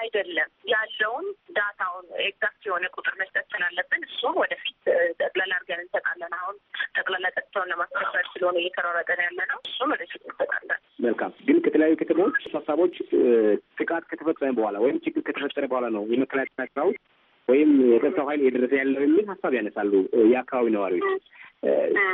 አይደለም። ያለውን ዳታውን ኤግዛክት የሆነ ቁጥር መስጠት ስላለብን እሱም ወደፊት ጠቅላላ አድርገን እንሰጣለን። አሁን ጠቅላላ ጸጥታውን ለማስከበር ስለሆነ እየተሯሯጠን ያለ ነው። እሱም ወደፊት እንሰጣለን። መልካም። ግን ከተለያዩ ከተሞች ሀሳቦች ጥቃት ከተፈጸመ በኋላ ወይም ችግር ከተፈጠረ በኋላ ነው የመከላከያ ስራዎች ወይም የጸጥታው ኃይል የደረሰ ያለው የሚል ሀሳብ ያነሳሉ የአካባቢ ነዋሪዎች።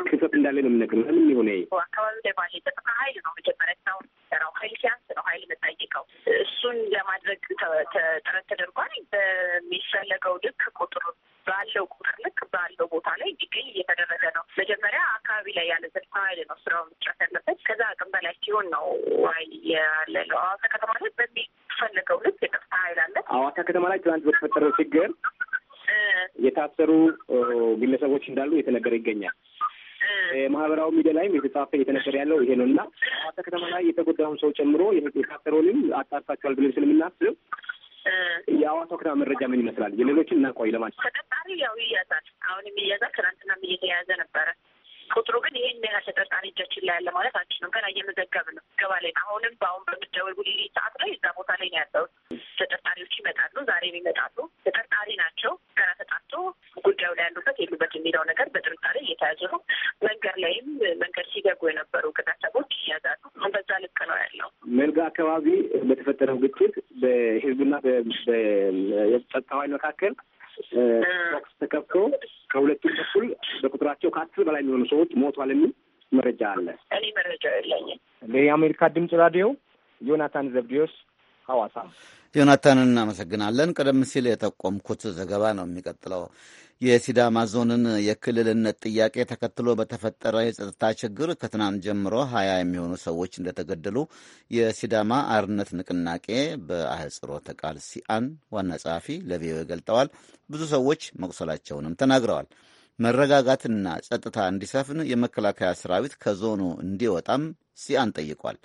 ክፍተት እንዳለ ነው የምነግርህ። ለምን የሆነ አካባቢ ላይ ባለ የጸጥታ ኃይል ነው መጀመሪያ ሰው የሚሰራው። ኃይል ሲያንስ ነው ኃይል መጠየቀው እሱን ለማድረግ ጥረት ተደርጓል። በሚፈለገው ልክ ቁጥሩ ባለው ቁጥር ልክ ባለው ቦታ ላይ እንዲገኝ እየተደረገ ነው። መጀመሪያ አካባቢ ላይ ያለ ጸጥታ ኃይል ነው ስራው መስራት ያለበት። ከዛ አቅም በላይ ሲሆን ነው ዋይ ያለለው። አዋሳ ከተማ ላይ በሚፈለገው ልክ የጸጥታ ኃይል አለ። አዋሳ ከተማ ላይ ትናንት በተፈጠረው ችግር የታሰሩ ግለሰቦች እንዳሉ የተነገረ ይገኛል። ማህበራዊ ሚዲያ ላይም የተጻፈ የተነገረ ያለው ይሄ ነው እና ሐዋሳ ከተማ ላይ የተጎዳውን ሰው ጨምሮ የታሰረውንም አጣርታችኋል ብለን ስለምናስብ የሐዋሳው ከተማ መረጃ ምን ይመስላል? የሌሎችን እናቆይ ለማለት ተቀጣሪ ያው ይያዛል። አሁንም ይያዛል። ትናንትናም እየተያዘ ነበረ። ቁጥሩ ግን ይሄን ያህል ተጠርጣሪ እጃችን ላይ ያለ ማለት አንችልም። ገና እየመዘገብ ነው። ገባ ላይ አሁንም በአሁን በምደውል ሰዓት ላይ እዛ ቦታ ላይ ያለው። ተጠርጣሪዎች ይመጣሉ፣ ዛሬም ይመጣሉ። ተጠርጣሪ ናቸው። ገና ተጣርቶ ጉዳዩ ላይ ያሉበት የሉበት የሚለው ነገር በጥርጣሬ እየተያዙ ነው። መንገድ ላይም መንገድ ሲዘጉ የነበሩ ግለሰቦች ይያዛሉ። በዛ ልክ ነው ያለው። መልጋ አካባቢ በተፈጠረው ግጭት በህዝብና በጸጥታ ኃይል መካከል ቦክስ ተከፍቶ ከሁለቱም በኩል በቁጥራቸው ከአስር በላይ የሚሆኑ ሰዎች ሞቷል የሚል መረጃ አለ። እኔ መረጃ የለኝም። የአሜሪካ ድምጽ ራዲዮ ዮናታን ዘብዲዮስ ሐዋሳ ዮናታን እናመሰግናለን። ቀደም ሲል የጠቆምኩት ዘገባ ነው የሚቀጥለው። የሲዳማ ዞንን የክልልነት ጥያቄ ተከትሎ በተፈጠረ የጸጥታ ችግር ከትናንት ጀምሮ ሀያ የሚሆኑ ሰዎች እንደተገደሉ የሲዳማ አርነት ንቅናቄ በአህጽሮተ ቃል ሲአን ዋና ጸሐፊ ለቪኦኤ ገልጠዋል። ብዙ ሰዎች መቁሰላቸውንም ተናግረዋል። መረጋጋትና ጸጥታ እንዲሰፍን የመከላከያ ሰራዊት ከዞኑ እንዲወጣም ሲአን ጠይቋል።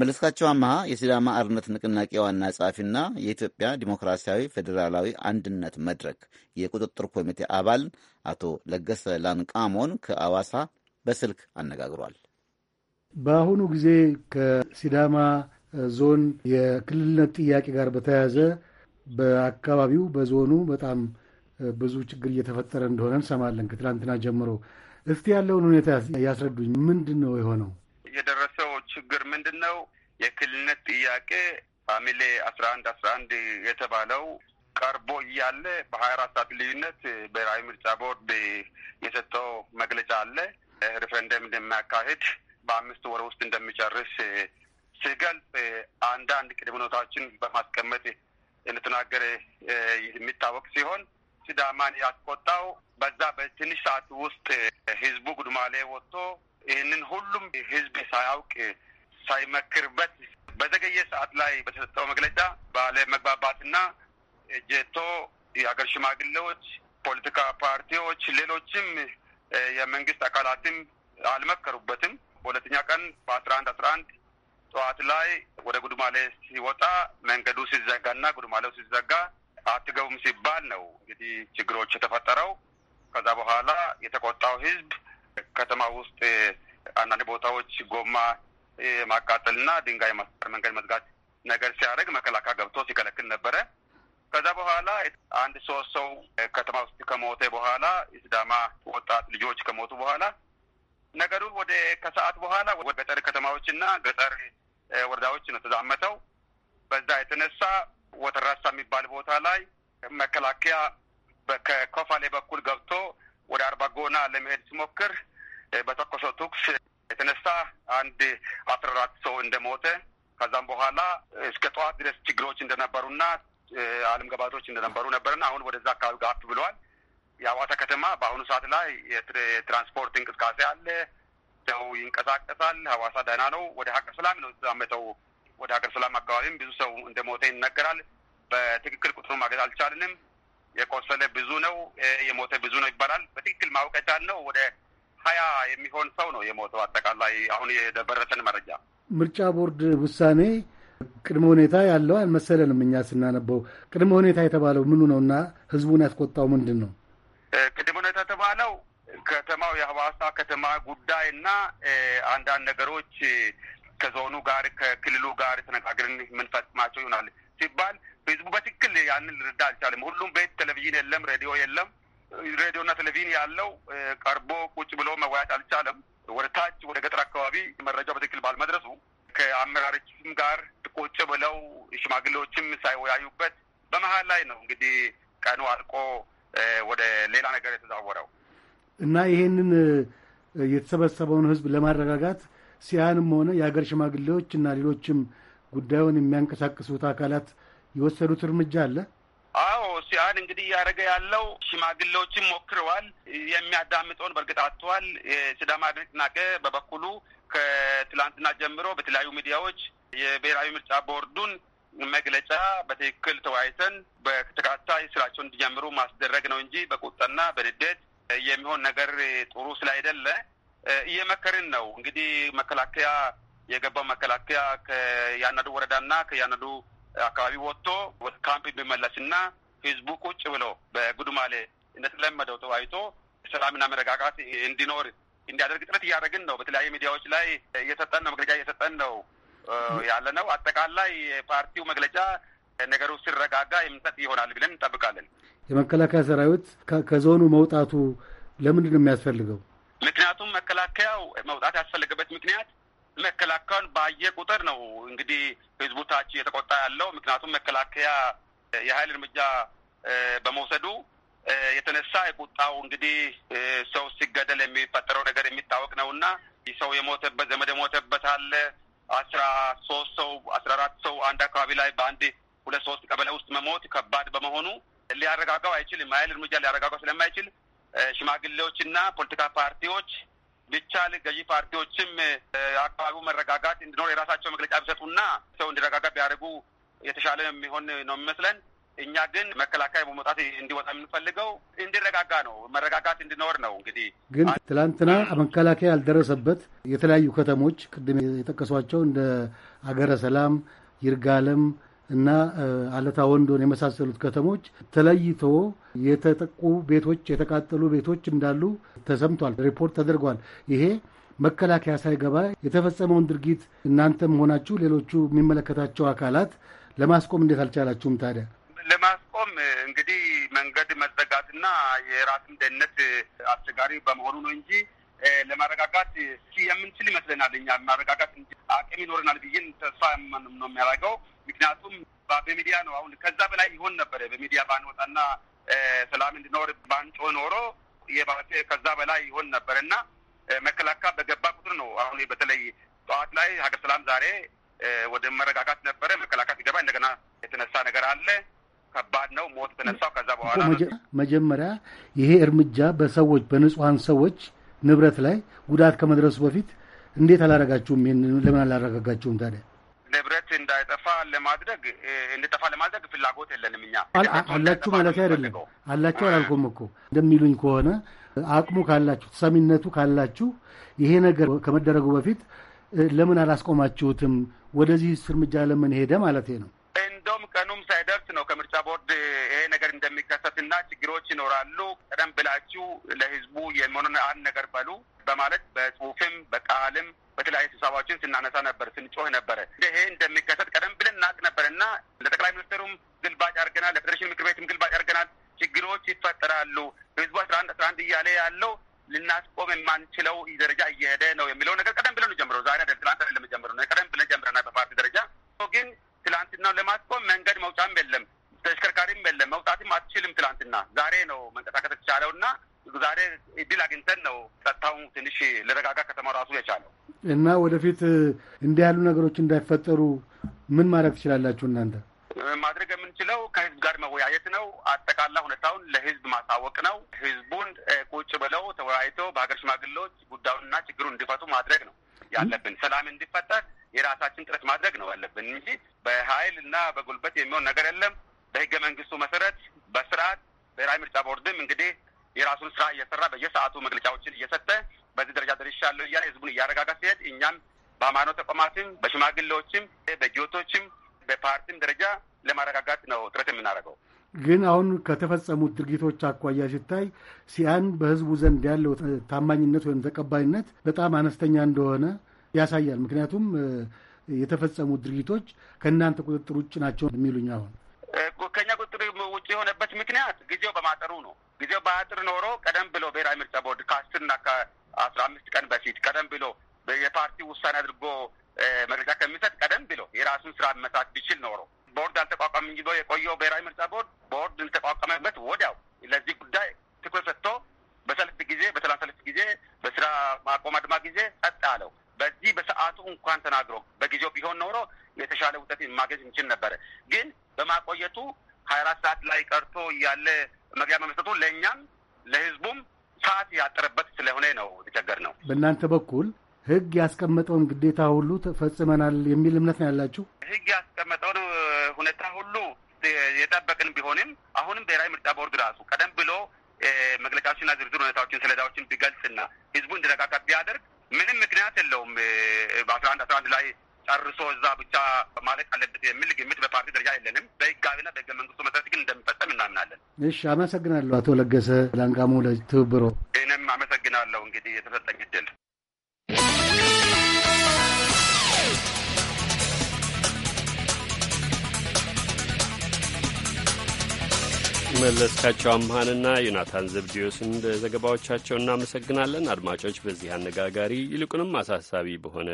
መለስካቸው አመሃ የሲዳማ አርነት ንቅናቄ ዋና ጸሐፊና የኢትዮጵያ ዲሞክራሲያዊ ፌዴራላዊ አንድነት መድረክ የቁጥጥር ኮሚቴ አባል አቶ ለገሰ ላንቃሞን ከአዋሳ በስልክ አነጋግሯል። በአሁኑ ጊዜ ከሲዳማ ዞን የክልልነት ጥያቄ ጋር በተያያዘ በአካባቢው በዞኑ በጣም ብዙ ችግር እየተፈጠረ እንደሆነ እንሰማለን። ከትላንትና ጀምሮ እስቲ ያለውን ሁኔታ ያስረዱኝ። ምንድን ነው የሆነው? የደረሰው ችግር ምንድን ነው? የክልልነት ጥያቄ ፋሚሌ አስራ አንድ አስራ አንድ የተባለው ቀርቦ እያለ በሀያ አራት ሰዓት ልዩነት ብሔራዊ ምርጫ ቦርድ የሰጠው መግለጫ አለ። ሪፍረንደም እንደሚያካሂድ በአምስት ወር ውስጥ እንደሚጨርስ ሲገልጽ አንዳንድ ቅድመ ሁኔታዎችን በማስቀመጥ እንደተናገረ የሚታወቅ ሲሆን ሲዳማን ያስቆጣው በዛ በትንሽ ሰዓት ውስጥ ህዝቡ ጉድማሌ ወጥቶ ይህንን ሁሉም ህዝብ ሳያውቅ ሳይመክርበት በዘገየ ሰዓት ላይ በተሰጠው መግለጫ ባለ መግባባትና ጀቶ የሀገር ሽማግሌዎች፣ ፖለቲካ ፓርቲዎች፣ ሌሎችም የመንግስት አካላትም አልመከሩበትም። በሁለተኛ ቀን በአስራ አንድ አስራ አንድ ጠዋት ላይ ወደ ጉድማሌ ሲወጣ መንገዱ ሲዘጋና ጉድማሌው ሲዘጋ አትገቡም ሲባል ነው እንግዲህ ችግሮች የተፈጠረው። ከዛ በኋላ የተቆጣው ህዝብ ከተማ ውስጥ አንዳንድ ቦታዎች ጎማ ማቃጠልና ድንጋይ ማስቀር መንገድ መዝጋት ነገር ሲያደርግ መከላከያ ገብቶ ሲከለክል ነበረ። ከዛ በኋላ አንድ ሶስት ሰው ከተማ ውስጥ ከሞተ በኋላ የስዳማ ወጣት ልጆች ከሞቱ በኋላ ነገሩ ወደ ከሰዓት በኋላ ወደ ገጠር ከተማዎችና ገጠር ወረዳዎች ነው ተዛመተው። በዛ የተነሳ ወተራሳ የሚባል ቦታ ላይ መከላከያ ከኮፋሌ በኩል ገብቶ ወደ አርባጎና ለመሄድ ሲሞክር በተኮሰው ተኩስ የተነሳ አንድ አስራ አራት ሰው እንደሞተ ከዛም በኋላ እስከ ጠዋት ድረስ ችግሮች እንደነበሩና አለም ገባቶች እንደነበሩ ነበርና አሁን ወደዛ አካባቢ ጋፍ ብለዋል። የአዋሳ ከተማ በአሁኑ ሰዓት ላይ የትራንስፖርት እንቅስቃሴ አለ። ሰው ይንቀሳቀሳል። ሀዋሳ ደህና ነው። ወደ ሀገር ሰላም ነው ዛመተው ወደ ሀገር ሰላም አካባቢም ብዙ ሰው እንደሞተ ይነገራል። በትክክል ቁጥሩን ማግኘት አልቻልንም። የቆሰለ ብዙ ነው፣ የሞተ ብዙ ነው ይባላል። በትክክል ማወቅ የቻልነው ወደ ሀያ የሚሆን ሰው ነው የሞተው። አጠቃላይ አሁን የደረሰን መረጃ ምርጫ ቦርድ ውሳኔ ቅድመ ሁኔታ ያለው አልመሰለንም። እኛ ስናነበው ቅድመ ሁኔታ የተባለው ምኑ ነው እና ህዝቡን ያስቆጣው ምንድን ነው? ቅድመ ሁኔታ የተባለው ከተማው የሐዋሳ ከተማ ጉዳይ እና አንዳንድ ነገሮች ከዞኑ ጋር ከክልሉ ጋር ተነጋግረን የምንፈጽማቸው ይሆናል ሲባል ህዝቡ በትክክል ያንን ልርዳ አልቻለም። ሁሉም ቤት ቴሌቪዥን የለም፣ ሬዲዮ የለም። ሬዲዮና ቴሌቪዥን ያለው ቀርቦ ቁጭ ብሎ መወያት አልቻለም። ወደ ታች ወደ ገጠር አካባቢ መረጃው በትክክል ባልመድረሱ ከአመራሮችም ጋር ቁጭ ብለው ሽማግሌዎችም ሳይወያዩበት በመሀል ላይ ነው እንግዲህ ቀኑ አልቆ ወደ ሌላ ነገር የተዛወረው እና ይሄንን የተሰበሰበውን ህዝብ ለማረጋጋት ሲያንም ሆነ የሀገር ሽማግሌዎች እና ሌሎችም ጉዳዩን የሚያንቀሳቅሱት አካላት የወሰዱት እርምጃ አለ? አዎ ሲያን እንግዲህ እያደረገ ያለው ሽማግሌዎችን ሞክረዋል። የሚያዳምጠውን በእርግጥ አጥተዋል። የሲዳማ ንቅናቄ በበኩሉ ከትላንትና ጀምሮ በተለያዩ ሚዲያዎች የብሔራዊ ምርጫ ቦርዱን መግለጫ በትክክል ተወያይተን በተከታታይ ስራቸውን እንዲጀምሩ ማስደረግ ነው እንጂ በቁጣና በንዴት የሚሆን ነገር ጥሩ ስላይደለ እየመከርን ነው። እንግዲህ መከላከያ የገባው መከላከያ ከያናዱ ወረዳና ከያናዱ አካባቢ ወጥቶ ወደ ካምፕ የሚመለስና ህዝቡ ቁጭ ብሎ በጉድማሌ እንደተለመደው ተወያይቶ ሰላምና መረጋጋት እንዲኖር እንዲያደርግ ጥረት እያደረግን ነው። በተለያዩ ሚዲያዎች ላይ እየሰጠን ነው መግለጫ እየሰጠን ነው ያለ ነው። አጠቃላይ የፓርቲው መግለጫ ነገሩ ሲረጋጋ የምንሰጥ ይሆናል ብለን እንጠብቃለን። የመከላከያ ሰራዊት ከዞኑ መውጣቱ ለምንድን ነው የሚያስፈልገው? ምክንያቱም መከላከያው መውጣት ያስፈልግበት ምክንያት መከላከያን ባየ ቁጥር ነው እንግዲህ ህዝቡ ታች እየተቆጣ ያለው። ምክንያቱም መከላከያ የሀይል እርምጃ በመውሰዱ የተነሳ የቁጣው እንግዲህ ሰው ሲገደል የሚፈጠረው ነገር የሚታወቅ ነው እና ሰው የሞተበት ዘመድ የሞተበት አለ። አስራ ሶስት ሰው አስራ አራት ሰው አንድ አካባቢ ላይ በአንድ ሁለት ሶስት ቀበሌ ውስጥ መሞት ከባድ በመሆኑ ሊያረጋጋው አይችልም። ሀይል እርምጃ ሊያረጋጋው ስለማይችል ሽማግሌዎችና ፖለቲካ ፓርቲዎች ቢቻል ገዢ ፓርቲዎችም አካባቢው መረጋጋት እንዲኖር የራሳቸው መግለጫ ቢሰጡና ሰው እንዲረጋጋ ቢያደርጉ የተሻለ የሚሆን ነው የሚመስለን። እኛ ግን መከላከያ በመውጣት እንዲወጣ የምንፈልገው እንዲረጋጋ ነው፣ መረጋጋት እንዲኖር ነው። እንግዲህ ግን ትላንትና መከላከያ ያልደረሰበት የተለያዩ ከተሞች ቅድም የጠቀሷቸው እንደ አገረ ሰላም፣ ይርጋለም፣ እና አለታ ወንዶን የመሳሰሉት ከተሞች ተለይቶ የተጠቁ ቤቶች፣ የተቃጠሉ ቤቶች እንዳሉ ተሰምቷል፣ ሪፖርት ተደርጓል። ይሄ መከላከያ ሳይገባ የተፈጸመውን ድርጊት እናንተ መሆናችሁ ሌሎቹ የሚመለከታቸው አካላት ለማስቆም እንዴት አልቻላችሁም ታዲያ? ለማስቆም እንግዲህ መንገድ መዘጋትና የራስን ደህንነት አስቸጋሪ በመሆኑ ነው እንጂ ለማረጋጋት የምንችል ይመስለናል። እኛ ማረጋጋት አቅም ይኖረናል ብዬን ተስፋ ነው የሚያደርገው ምክንያቱም በሚዲያ ነው አሁን ከዛ በላይ ይሆን ነበረ። በሚዲያ ባንወጣና ሰላም እንዲኖር ባንጮ ኖሮ የባሰ ከዛ በላይ ይሆን ነበር እና መከላከያ በገባ ቁጥር ነው አሁን በተለይ ጠዋት ላይ ሀገር ሰላም ዛሬ ወደ መረጋጋት ነበረ። መከላከያ ሲገባ እንደገና የተነሳ ነገር አለ። ከባድ ነው ሞት ተነሳው። ከዛ በኋላ መጀመሪያ ይሄ እርምጃ በሰዎች በንጹሀን ሰዎች ንብረት ላይ ጉዳት ከመድረሱ በፊት እንዴት አላረጋችሁም? ይህን ለምን አላረጋጋችሁም ታዲያ? ንብረት እንዳይጠፋ ለማድረግ እንድጠፋ ለማድረግ ፍላጎት የለንም። እኛ አላችሁ ማለት አይደለም። አላችሁ አላልኩም እኮ እንደሚሉኝ ከሆነ አቅሙ ካላችሁ፣ ተሰሚነቱ ካላችሁ ይሄ ነገር ከመደረጉ በፊት ለምን አላስቆማችሁትም? ወደዚህ እርምጃ ለምን ሄደ ማለት ነው? እንደውም ቀኑም ሳይደርስ ነው ከምርጫ ቦርድ ይሄ ነገር እንደሚከሰትና ችግሮች ይኖራሉ፣ ቀደም ብላችሁ ለህዝቡ የሚሆኑን አንድ ነገር በሉ በማለት በጽሁፍም በቃልም በተለያዩ ስብሰባዎችን ስናነሳ ነበር፣ ስንጮህ ነበረ። ይሄ እንደሚከሰት ቀደም ብለን እናቅ ነበር እና ለጠቅላይ ሚኒስትሩም ግልባጭ አድርገናል፣ ለፌዴሬሽን ምክር ቤትም ግልባጭ አድርገናል። ችግሮች ይፈጠራሉ፣ ህዝቡ አስራ አንድ አስራ አንድ እያለ ያለው ልናስቆም የማንችለው ደረጃ እየሄደ ነው የሚለው ነገር ቀደም ብለን ጀምሮ ዛሬ አይደለም፣ ትናንት አይደለም ጀምሮ ቀደም ብለን ጀምረናል በፓርቲ ደረጃ ግን ትላንትና ለማስቆም መንገድ መውጫም የለም፣ ተሽከርካሪም የለም፣ መውጣትም አትችልም። ትላንትና ዛሬ ነው መንቀሳቀስ የተቻለው ዛሬ እድል አግኝተን ነው ጸጥታው ትንሽ ለረጋጋ ከተማ ራሱ የቻለው እና ወደፊት እንዲህ ያሉ ነገሮች እንዳይፈጠሩ ምን ማድረግ ትችላላችሁ እናንተ? ማድረግ የምንችለው ከህዝብ ጋር መወያየት ነው። አጠቃላይ ሁኔታውን ለህዝብ ማሳወቅ ነው። ህዝቡን ቁጭ ብለው ተወያይቶ በሀገር ሽማግሌዎች ጉዳዩንና ችግሩን እንዲፈቱ ማድረግ ነው ያለብን። ሰላም እንዲፈጠር የራሳችን ጥረት ማድረግ ነው ያለብን እንጂ በኃይል እና በጉልበት የሚሆን ነገር የለም። በህገ መንግስቱ መሰረት በስርዓት ብሔራዊ ምርጫ ቦርድም እንግዲህ የራሱን ስራ እየሰራ በየሰዓቱ መግለጫዎችን እየሰጠ በዚህ ደረጃ ያለው እያለ ህዝቡን እያረጋጋ ሲሄድ እኛም በሃይማኖት ተቋማትም በሽማግሌዎችም በጊዮቶችም በፓርቲም ደረጃ ለማረጋጋት ነው ጥረት የምናደርገው። ግን አሁን ከተፈጸሙት ድርጊቶች አኳያ ሲታይ ሲያን በህዝቡ ዘንድ ያለው ታማኝነት ወይም ተቀባይነት በጣም አነስተኛ እንደሆነ ያሳያል። ምክንያቱም የተፈጸሙ ድርጊቶች ከእናንተ ቁጥጥር ውጭ ናቸው የሚሉኝ አሁን ከኛ ቁጥጥር ውጭ የሆነበት ምክንያት ጊዜው በማጠሩ ነው። ጊዜው በአጥር ኖሮ ቀደም ብሎ ብሔራዊ ምርጫ ቦርድ ከአስርና ከአስራ አምስት ቀን በፊት ቀደም ብሎ የፓርቲ ውሳኔ አድርጎ መግለጫ ከሚሰጥ ቀደም ብሎ የራሱን ስራ መሳት ቢችል ኖሮ ቦርድ አልተቋቋም እንጂ የቆየው ብሔራዊ ምርጫ ቦርድ ቦርድ እንተቋቋመበት ወዲያው ለዚህ ጉዳይ ትኩረት ሰጥቶ በሰልፍ ጊዜ፣ በሰላም ሰልፍ ጊዜ፣ በስራ ማቆም አድማ ጊዜ ጸጥ አለው። በዚህ በሰዓቱ እንኳን ተናግሮ በጊዜው ቢሆን ኖሮ የተሻለ ውጤት ማገዝ እንችል ነበረ። ግን በማቆየቱ ሀያ አራት ሰዓት ላይ ቀርቶ ያለ መግቢያ መመስጠቱ ለእኛም ለህዝቡም ሰዓት ያጠረበት ስለሆነ ነው የተቸገር ነው። በእናንተ በኩል ህግ ያስቀመጠውን ግዴታ ሁሉ ተፈጽመናል የሚል እምነት ነው ያላችሁ? ህግ ያስቀመጠውን ሁኔታ ሁሉ የጠበቅን ቢሆንም አሁንም ብሔራዊ ምርጫ ቦርድ ራሱ ቀደም ብሎ መግለጫዎችና ዝርዝር ሁኔታዎችን ሰሌዳዎችን ቢገልጽና ህዝቡ እንዲረጋጋ ቢያደርግ ምንም ምክንያት የለውም። በአስራ አንድ አስራ አንድ ላይ ጨርሶ እዛ ብቻ ማለቅ አለበት የሚል ግምት በፓርቲ ደረጃ የለንም። በህጋዊና በህገ መንግስቱ መሰረት ግን እንደሚፈጸም እናምናለን። እሺ፣ አመሰግናለሁ አቶ ለገሰ ላንጋሞ ለትብብሮ። እኔም አመሰግናለሁ እንግዲህ የተሰጠኝ እድል መለስካቸው አምሃንና ዮናታን ዘብዲዮስን ለዘገባዎቻቸው እናመሰግናለን። አድማጮች፣ በዚህ አነጋጋሪ ይልቁንም አሳሳቢ በሆነ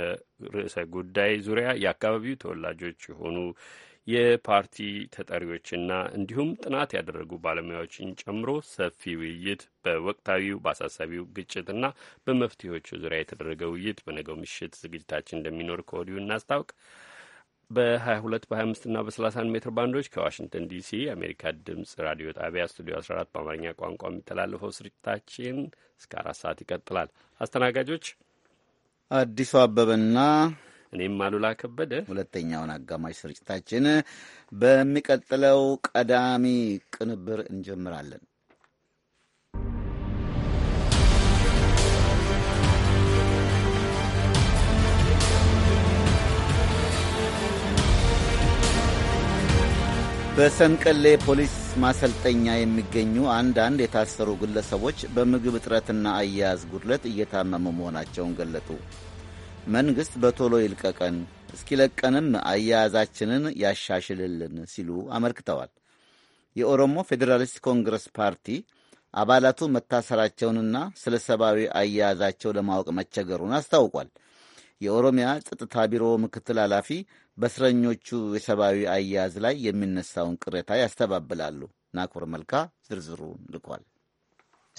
ርዕሰ ጉዳይ ዙሪያ የአካባቢው ተወላጆች የሆኑ የፓርቲ ተጠሪዎችና እንዲሁም ጥናት ያደረጉ ባለሙያዎችን ጨምሮ ሰፊ ውይይት በወቅታዊው በአሳሳቢው ግጭትና በመፍትሄዎቹ ዙሪያ የተደረገ ውይይት በነገው ምሽት ዝግጅታችን እንደሚኖር ከወዲሁ እናስታውቅ። በ22 በ25 እና በ31 ሜትር ባንዶች ከዋሽንግተን ዲሲ የአሜሪካ ድምፅ ራዲዮ ጣቢያ ስቱዲዮ 14 በአማርኛ ቋንቋ የሚተላለፈው ስርጭታችን እስከ አራት ሰዓት ይቀጥላል። አስተናጋጆች አዲሱ አበበና እኔም አሉላ ከበደ። ሁለተኛውን አጋማሽ ስርጭታችን በሚቀጥለው ቀዳሚ ቅንብር እንጀምራለን። በሰንቀሌ ፖሊስ ማሰልጠኛ የሚገኙ አንዳንድ የታሰሩ ግለሰቦች በምግብ እጥረትና አያያዝ ጉድለት እየታመሙ መሆናቸውን ገለጡ። መንግሥት በቶሎ ይልቀቀን፣ እስኪለቀንም አያያዛችንን ያሻሽልልን ሲሉ አመልክተዋል። የኦሮሞ ፌዴራሊስት ኮንግረስ ፓርቲ አባላቱ መታሰራቸውንና ስለ ሰብአዊ አያያዛቸው ለማወቅ መቸገሩን አስታውቋል። የኦሮሚያ ጸጥታ ቢሮ ምክትል ኃላፊ በእስረኞቹ የሰብአዊ አያያዝ ላይ የሚነሳውን ቅሬታ ያስተባብላሉ። ናኮር መልካ ዝርዝሩን ልኳል።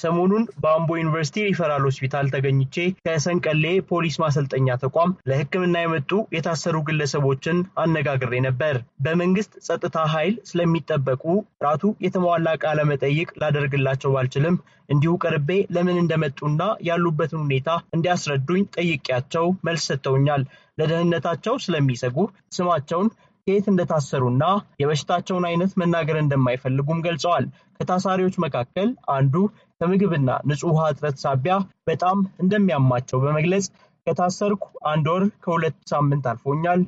ሰሞኑን በአምቦ ዩኒቨርሲቲ ሪፈራል ሆስፒታል ተገኝቼ ከሰንቀሌ ፖሊስ ማሰልጠኛ ተቋም ለሕክምና የመጡ የታሰሩ ግለሰቦችን አነጋግሬ ነበር። በመንግስት ጸጥታ ኃይል ስለሚጠበቁ ጥራቱ የተሟላ ቃለ መጠይቅ ላደርግላቸው ባልችልም እንዲሁ ቀርቤ ለምን እንደመጡና ያሉበትን ሁኔታ እንዲያስረዱኝ ጠይቄያቸው መልስ ሰጥተውኛል። ለደህንነታቸው ስለሚሰጉ ስማቸውን ከየት እንደታሰሩና የበሽታቸውን አይነት መናገር እንደማይፈልጉም ገልጸዋል። ከታሳሪዎች መካከል አንዱ ከምግብና ንጹህ ውሃ እጥረት ሳቢያ በጣም እንደሚያማቸው በመግለጽ ከታሰርኩ አንድ ወር ከሁለት ሳምንት አልፎኛል።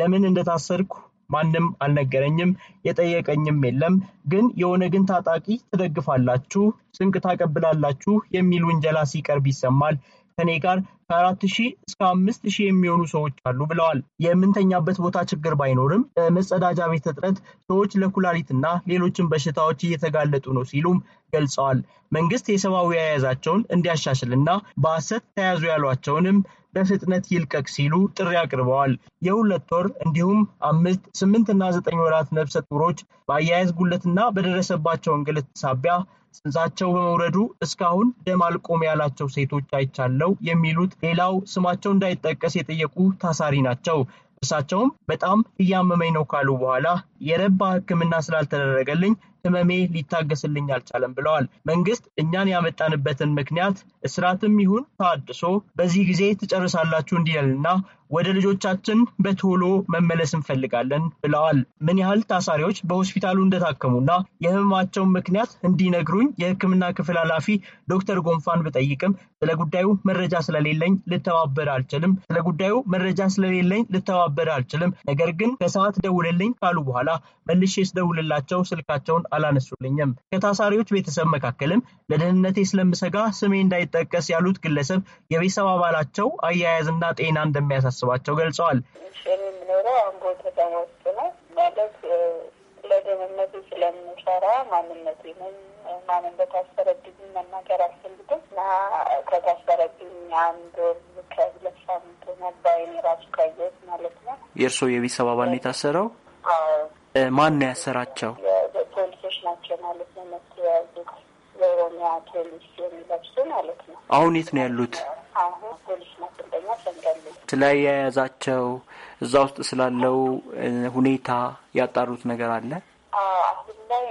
ለምን እንደታሰርኩ ማንም አልነገረኝም፣ የጠየቀኝም የለም። ግን የኦነግን ታጣቂ ትደግፋላችሁ፣ ስንቅ ታቀብላላችሁ የሚል ውንጀላ ሲቀርብ ይሰማል። ከኔ ጋር ከአራት ሺህ እስከ አምስት ሺህ የሚሆኑ ሰዎች አሉ ብለዋል። የምንተኛበት ቦታ ችግር ባይኖርም በመጸዳጃ ቤት እጥረት ሰዎች ለኩላሊትና ሌሎችን በሽታዎች እየተጋለጡ ነው ሲሉም ገልጸዋል። መንግስት የሰብአዊ አያያዛቸውን እንዲያሻሽልና በሐሰት ተያዙ ያሏቸውንም በፍጥነት ይልቀቅ ሲሉ ጥሪ አቅርበዋል። የሁለት ወር እንዲሁም አምስት ስምንትና ዘጠኝ ወራት ነፍሰ ጡሮች በአያያዝ ጉለትና በደረሰባቸው እንግልት ሳቢያ ጽንሳቸው በመውረዱ እስካሁን ደም አልቆም ያላቸው ሴቶች አይቻለው የሚሉት ሌላው ስማቸው እንዳይጠቀስ የጠየቁ ታሳሪ ናቸው። እርሳቸውም በጣም እያመመኝ ነው ካሉ በኋላ የረባ ሕክምና ስላልተደረገልኝ ህመሜ ሊታገስልኝ አልቻለም ብለዋል። መንግስት እኛን ያመጣንበትን ምክንያት እስራትም ይሁን ታድሶ በዚህ ጊዜ ትጨርሳላችሁ እንዲልና ወደ ልጆቻችን በቶሎ መመለስ እንፈልጋለን ብለዋል። ምን ያህል ታሳሪዎች በሆስፒታሉ እንደታከሙና የህመማቸውን ምክንያት እንዲነግሩኝ የህክምና ክፍል ኃላፊ ዶክተር ጎንፋን ብጠይቅም ስለ ጉዳዩ መረጃ ስለሌለኝ ልተባበር አልችልም። ስለ ጉዳዩ መረጃ ስለሌለኝ ልተባበር አልችልም። ነገር ግን ከሰዓት ደውልልኝ ካሉ በኋላ መልሼ ስደውልላቸው ስልካቸውን አላነሱልኝም። ከታሳሪዎች ቤተሰብ መካከልም ለደህንነቴ ስለምሰጋ ስሜ እንዳይጠቀስ ያሉት ግለሰብ የቤተሰብ አባላቸው አያያዝና ጤና እንደሚያሳስ እንደሚያሳስባቸው ገልጸዋል። ለደህንነቱ ስለምንሰራ ማንነቴንም ማንም በታሰረብኝ መናገር አልፈልግም እና ከታሰረብኝ አንድ ወር ከሁለት ሳምንት በአይኔ ራሱ ካየሁት ማለት ነው። የእርስዎ የቤተሰብ አባል ነው የታሰረው? ማን ነው ያሰራቸው? የኦሮሚያ ፖሊስ የሚለብሱ ማለት ነው። አሁን የት ነው ያሉት? አሁን ፖሊስ መስልጠኛ ሰንቀሉ። ስለ የያዛቸው እዛ ውስጥ ስላለው ሁኔታ ያጣሩት ነገር አለ? አሁን ላይ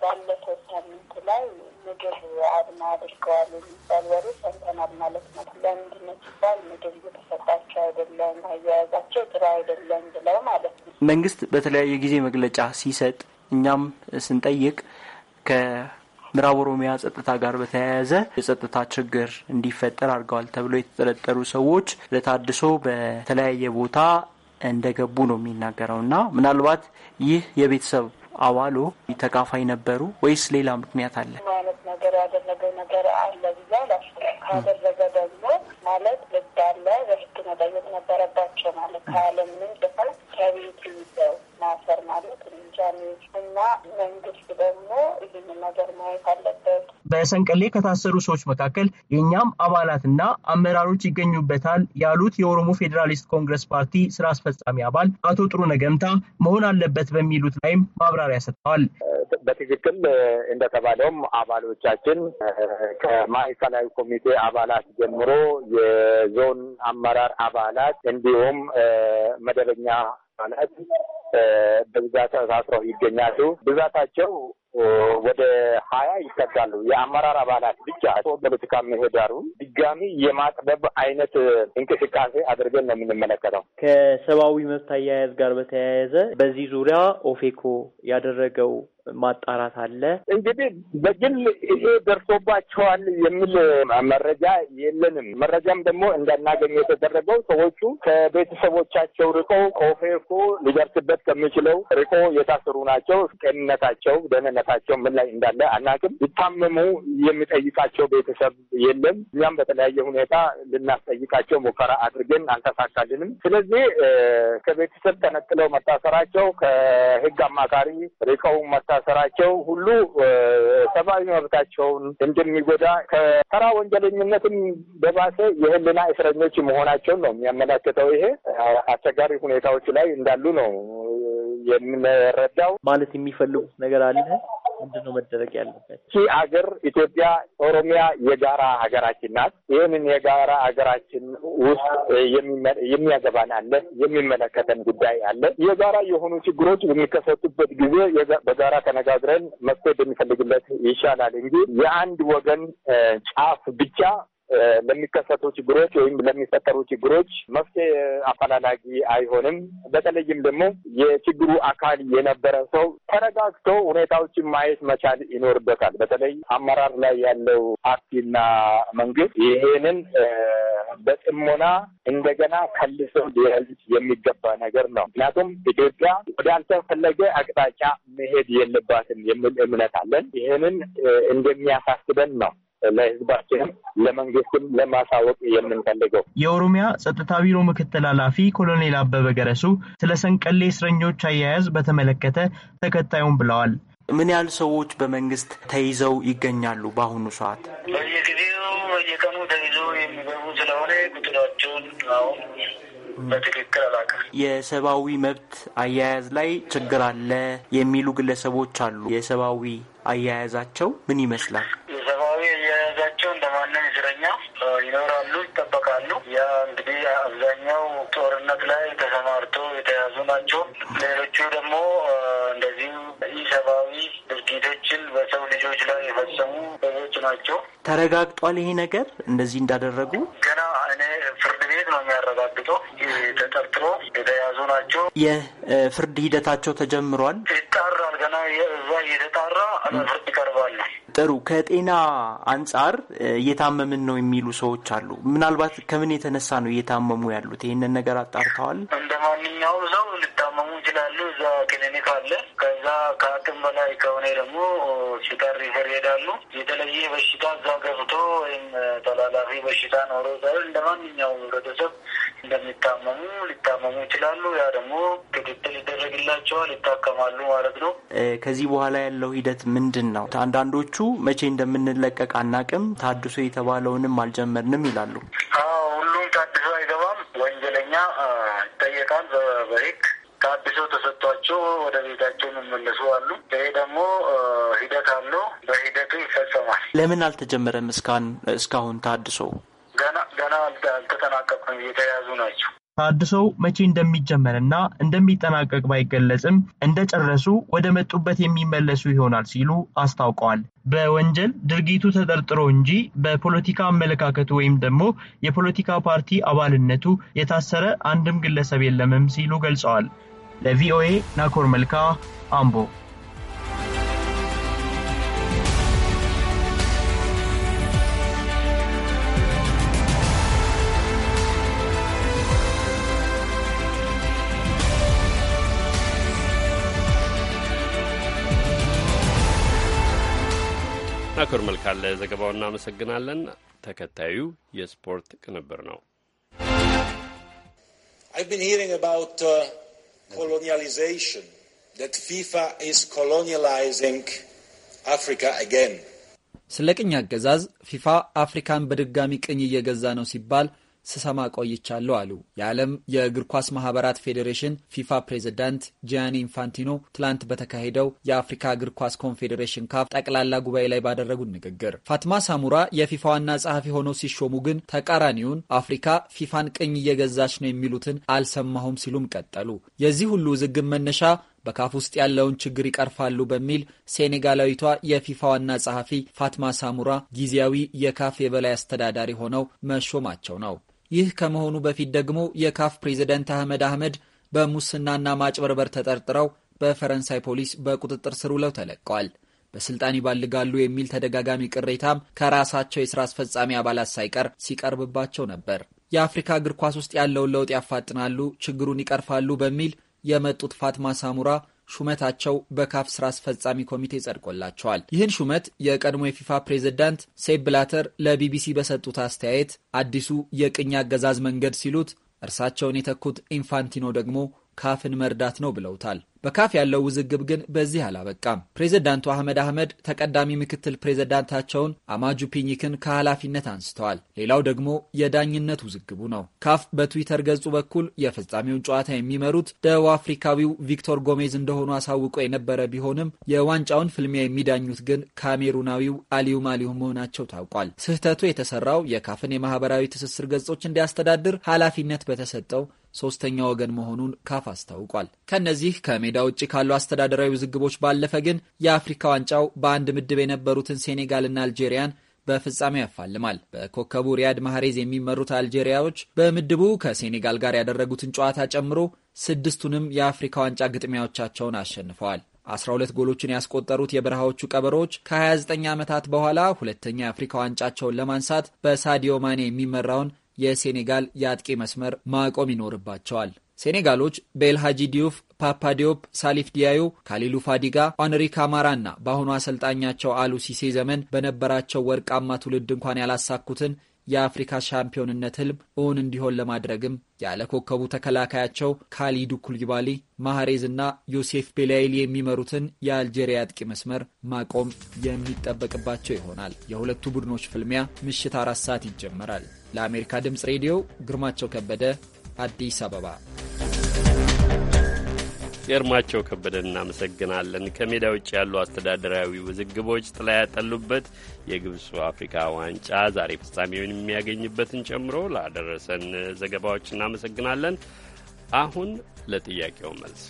ባለፈው ሳምንት ላይ ምግብ አድማ አድርገዋል የሚባል ወሬ ሰምተናል ማለት ነው። ለምንድን ነው ሲባል ምግብ እየተሰጣቸው አይደለም፣ አያያዛቸው ጥሩ አይደለም ብለው ማለት ነው። መንግስት በተለያየ ጊዜ መግለጫ ሲሰጥ እኛም ስንጠይቅ ከ ምዕራብ ኦሮሚያ ጸጥታ ጋር በተያያዘ የጸጥታ ችግር እንዲፈጠር አድርገዋል ተብሎ የተጠረጠሩ ሰዎች ለታድሶ በተለያየ ቦታ እንደገቡ ነው የሚናገረው እና ምናልባት ይህ የቤተሰብ አባሎ ተካፋይ ነበሩ ወይስ ሌላ ምክንያት አለ? ማለት ነገር ያደረገው ነገር አለ ብዬ ካደረገ ደግሞ ማለት ልዳለ በህግ መጠየቅ ነበረባቸው ማለት ከአለምንም ድፈር ከቤት ይዘው ማሰር ማለት እንጃኔዎች እና መንግስት ደግሞ ይህን ነገር ማየት አለበት። በሰንቀሌ ከታሰሩ ሰዎች መካከል የእኛም አባላትና አመራሮች ይገኙበታል ያሉት የኦሮሞ ፌዴራሊስት ኮንግረስ ፓርቲ ስራ አስፈጻሚ አባል አቶ ጥሩ ነገምታ መሆን አለበት በሚሉት ላይም ማብራሪያ ሰጥተዋል። በትክክል እንደተባለውም አባሎቻችን ከማዕከላዊ ኮሚቴ አባላት ጀምሮ የዞን አመራር አባላት እንዲሁም መደበኛ ማለት በብዛት ታስረው ይገኛሉ። ብዛታቸው ወደ ሀያ ይጠጋሉ። የአመራር አባላት ብቻ ፖለቲካ መሄዳሩ ድጋሚ የማጥበብ አይነት እንቅስቃሴ አድርገን ነው የምንመለከተው። ከሰብአዊ መብት አያያዝ ጋር በተያያዘ በዚህ ዙሪያ ኦፌኮ ያደረገው ማጣራት አለ። እንግዲህ በግል ይሄ ደርሶባቸዋል የሚል መረጃ የለንም። መረጃም ደግሞ እንዳናገኝ የተደረገው ሰዎቹ ከቤተሰቦቻቸው ርቀው ከኦፌኮ ሊደርስበት ከሚችለው ርቆ የታሰሩ ናቸው። ጤንነታቸው፣ ደህንነታቸው ምን ላይ እንዳለ አናውቅም። ይታመሙ የሚጠይቃቸው ቤተሰብ የለም። እኛም በተለያየ ሁኔታ ልናስጠይቃቸው ሙከራ አድርገን አልተሳካልንም። ስለዚህ ከቤተሰብ ተነጥለው መታሰራቸው ከህግ አማካሪ ርቀው መታ መታሰራቸው ሁሉ ሰብአዊ መብታቸውን እንደሚጎዳ ከተራ ወንጀለኝነትም በባሰ የህልና እስረኞች መሆናቸውን ነው የሚያመላክተው። ይሄ አስቸጋሪ ሁኔታዎች ላይ እንዳሉ ነው የምንረዳው። ማለት የሚፈልጉት ነገር አለ ምንድነው መደረግ ያለበት? ይህ አገር ኢትዮጵያ፣ ኦሮሚያ የጋራ ሀገራችን ናት። ይህንን የጋራ ሀገራችን ውስጥ የሚያገባን አለ፣ የሚመለከተን ጉዳይ አለ። የጋራ የሆኑ ችግሮች የሚከሰቱበት ጊዜ በጋራ ተነጋግረን መፍትሄ የሚፈልግለት ይሻላል እንጂ የአንድ ወገን ጫፍ ብቻ ለሚከሰቱ ችግሮች ወይም ለሚፈጠሩ ችግሮች መፍትሄ አፈላላጊ አይሆንም። በተለይም ደግሞ የችግሩ አካል የነበረ ሰው ተረጋግቶ ሁኔታዎችን ማየት መቻል ይኖርበታል። በተለይ አመራር ላይ ያለው ፓርቲና መንግስት ይሄንን በጥሞና እንደገና ከልሰው ሊያዝ የሚገባ ነገር ነው። ምክንያቱም ኢትዮጵያ ወዳልተፈለገ አቅጣጫ መሄድ የለባትም የሚል እምነት አለን። ይህንን እንደሚያሳስበን ነው ለህዝባችንም ለመንግስትም ለማሳወቅ የምንፈልገው። የኦሮሚያ ጸጥታ ቢሮ ምክትል ኃላፊ ኮሎኔል አበበ ገረሱ ስለ ሰንቀሌ እስረኞች አያያዝ በተመለከተ ተከታዩም ብለዋል። ምን ያህል ሰዎች በመንግስት ተይዘው ይገኛሉ? በአሁኑ ሰዓት በየጊዜው በየቀኑ ተይዞ የሚገቡ ስለሆነ ቁጥራቸውን አሁን በትክክል አላውቅም። የሰብአዊ መብት አያያዝ ላይ ችግር አለ የሚሉ ግለሰቦች አሉ። የሰብአዊ አያያዛቸው ምን ይመስላል? ናቸው። ተረጋግጧል ይሄ ነገር እንደዚህ እንዳደረጉ ገና እኔ ፍርድ ቤት ነው የሚያረጋግጠው። ተጠርጥሮ የተያዙ ናቸው። የፍርድ ሂደታቸው ተጀምሯል። ይጣራል። ገና እዛ እየተጣራ ፍርድ ይቀርባል። ጥሩ። ከጤና አንጻር እየታመምን ነው የሚሉ ሰዎች አሉ። ምናልባት ከምን የተነሳ ነው እየታመሙ ያሉት? ይህንን ነገር አጣርተዋል። እንደ ማንኛውም ሰው ሊታመሙ ይችላሉ። እዛ ክሊኒክ አለ ከዛ ከአቅም በላይ ከሆነ ደግሞ ሲታር ሪፈር ይሄዳሉ። የተለየ በሽታ እዛ ገብቶ ወይም ተላላፊ በሽታ ኖሮ ሳይሆን እንደ ማንኛውም ህብረተሰብ እንደሚታመሙ ሊታመሙ ይችላሉ። ያ ደግሞ ክትትል ይደረግላቸዋል፣ ይታከማሉ ማለት ነው። ከዚህ በኋላ ያለው ሂደት ምንድን ነው? አንዳንዶቹ መቼ እንደምንለቀቅ አናቅም፣ ታድሶ የተባለውንም አልጀመርንም ይላሉ። ሁሉም ታድሶ አይገባም። ወንጀለኛ ይጠየቃል። ተፈርዶላቸው ወደ ቤታቸው የሚመለሱ አሉ። ይሄ ደግሞ ሂደት አለው። በሂደቱ ይፈጸማል። ለምን አልተጀመረም? እስካሁን እስካሁን ታድሶ ገና ገና አልተጠናቀቅም። የተያዙ ናቸው። ታድሶው መቼ እንደሚጀመርና እንደሚጠናቀቅ ባይገለጽም እንደጨረሱ ወደ መጡበት የሚመለሱ ይሆናል ሲሉ አስታውቀዋል። በወንጀል ድርጊቱ ተጠርጥሮ እንጂ በፖለቲካ አመለካከቱ ወይም ደግሞ የፖለቲካ ፓርቲ አባልነቱ የታሰረ አንድም ግለሰብ የለምም ሲሉ ገልጸዋል። ለቪኦኤ ናኮር መልካ አምቦ ናኮር መልካ ለዘገባው እናመሰግናለን። ተከታዩ የስፖርት ቅንብር ነው። I've been hearing about uh, colonialization that FIFA is colonializing Africa again ስለ ቅኝ አገዛዝ ፊፋ አፍሪካን በድጋሚ ቅኝ እየገዛ ነው ሲባል ስሰማ ቆይቻለሁ አሉ የዓለም የእግር ኳስ ማህበራት ፌዴሬሽን ፊፋ ፕሬዝዳንት ጂያኒ ኢንፋንቲኖ ትላንት በተካሄደው የአፍሪካ እግር ኳስ ኮንፌዴሬሽን ካፍ ጠቅላላ ጉባኤ ላይ ባደረጉት ንግግር። ፋትማ ሳሙራ የፊፋ ዋና ጸሐፊ ሆነው ሲሾሙ ግን ተቃራኒውን አፍሪካ ፊፋን ቅኝ እየገዛች ነው የሚሉትን አልሰማሁም ሲሉም ቀጠሉ። የዚህ ሁሉ ውዝግብ መነሻ በካፍ ውስጥ ያለውን ችግር ይቀርፋሉ በሚል ሴኔጋላዊቷ የፊፋ ዋና ጸሐፊ ፋትማ ሳሙራ ጊዜያዊ የካፍ የበላይ አስተዳዳሪ ሆነው መሾማቸው ነው። ይህ ከመሆኑ በፊት ደግሞ የካፍ ፕሬዝደንት አህመድ አህመድ በሙስናና ማጭበርበር ተጠርጥረው በፈረንሳይ ፖሊስ በቁጥጥር ስር ውለው ተለቀዋል። በስልጣን ይባልጋሉ የሚል ተደጋጋሚ ቅሬታም ከራሳቸው የሥራ አስፈጻሚ አባላት ሳይቀር ሲቀርብባቸው ነበር። የአፍሪካ እግር ኳስ ውስጥ ያለውን ለውጥ ያፋጥናሉ፣ ችግሩን ይቀርፋሉ በሚል የመጡት ፋትማ ሳሙራ ሹመታቸው በካፍ ስራ አስፈጻሚ ኮሚቴ ጸድቆላቸዋል። ይህን ሹመት የቀድሞ የፊፋ ፕሬዝዳንት ሴፕ ብላተር ለቢቢሲ በሰጡት አስተያየት አዲሱ የቅኝ አገዛዝ መንገድ ሲሉት እርሳቸውን የተኩት ኢንፋንቲኖ ደግሞ ካፍን መርዳት ነው ብለውታል። በካፍ ያለው ውዝግብ ግን በዚህ አላበቃም። ፕሬዚዳንቱ አህመድ አህመድ ተቀዳሚ ምክትል ፕሬዝዳንታቸውን አማጁ ፒኒክን ከኃላፊነት አንስተዋል። ሌላው ደግሞ የዳኝነት ውዝግቡ ነው። ካፍ በትዊተር ገጹ በኩል የፍጻሜውን ጨዋታ የሚመሩት ደቡብ አፍሪካዊው ቪክቶር ጎሜዝ እንደሆኑ አሳውቆ የነበረ ቢሆንም የዋንጫውን ፍልሚያ የሚዳኙት ግን ካሜሩናዊው አሊዩም አሊዩም መሆናቸው ታውቋል። ስህተቱ የተሰራው የካፍን የማህበራዊ ትስስር ገጾች እንዲያስተዳድር ኃላፊነት በተሰጠው ሶስተኛ ወገን መሆኑን ካፍ አስታውቋል። ከእነዚህ ከሜዳ ውጭ ካሉ አስተዳደራዊ ውዝግቦች ባለፈ ግን የአፍሪካ ዋንጫው በአንድ ምድብ የነበሩትን ሴኔጋልና አልጄሪያን በፍጻሜ ያፋልማል። በኮከቡ ሪያድ ማህሬዝ የሚመሩት አልጄሪያዎች በምድቡ ከሴኔጋል ጋር ያደረጉትን ጨዋታ ጨምሮ ስድስቱንም የአፍሪካ ዋንጫ ግጥሚያዎቻቸውን አሸንፈዋል። 12 ጎሎችን ያስቆጠሩት የበረሃዎቹ ቀበሮዎች ከ29 ዓመታት በኋላ ሁለተኛ የአፍሪካ ዋንጫቸውን ለማንሳት በሳዲዮ ማኔ የሚመራውን የሴኔጋል የአጥቂ መስመር ማቆም ይኖርባቸዋል። ሴኔጋሎች በኤልሃጂ ዲዩፍ፣ ፓፓዲዮፕ፣ ሳሊፍ ዲያዩ፣ ካሊሉ ፋዲጋ፣ ካማራ ካማራና በአሁኑ አሰልጣኛቸው አሉ ሲሴ ዘመን በነበራቸው ወርቃማ ትውልድ እንኳን ያላሳኩትን የአፍሪካ ሻምፒዮንነት ህልም እውን እንዲሆን ለማድረግም ያለኮከቡ ተከላካያቸው ካሊዱ ኩሊባሊ እና ዮሴፍ ቤላይሊ የሚመሩትን የአልጄሪያ አጥቂ መስመር ማቆም የሚጠበቅባቸው ይሆናል። የሁለቱ ቡድኖች ፍልሚያ ምሽት አራት ሰዓት ይጀመራል። ለአሜሪካ ድምፅ ሬዲዮ ግርማቸው ከበደ አዲስ አበባ። ግርማቸው ከበደን እናመሰግናለን። ከሜዳ ውጭ ያሉ አስተዳደራዊ ውዝግቦች ጥላ ያጠሉበት የግብፁ አፍሪካ ዋንጫ ዛሬ ፍጻሜውን የሚያገኝበትን ጨምሮ ላደረሰን ዘገባዎች እናመሰግናለን። አሁን ለጥያቄው መልስ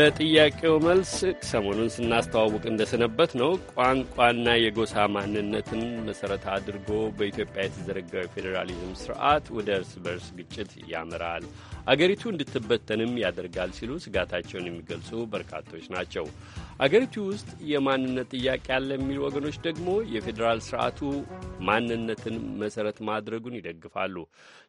ለጥያቄው መልስ ሰሞኑን ስናስተዋውቅ እንደሰነበት ነው ቋንቋና የጎሳ ማንነትን መሰረት አድርጎ በኢትዮጵያ የተዘረጋው የፌዴራሊዝም ስርዓት ወደ እርስ በርስ ግጭት ያመራል አገሪቱ እንድትበተንም ያደርጋል ሲሉ ስጋታቸውን የሚገልጹ በርካቶች ናቸው። አገሪቱ ውስጥ የማንነት ጥያቄ ያለ የሚሉ ወገኖች ደግሞ የፌዴራል ስርዓቱ ማንነትን መሰረት ማድረጉን ይደግፋሉ።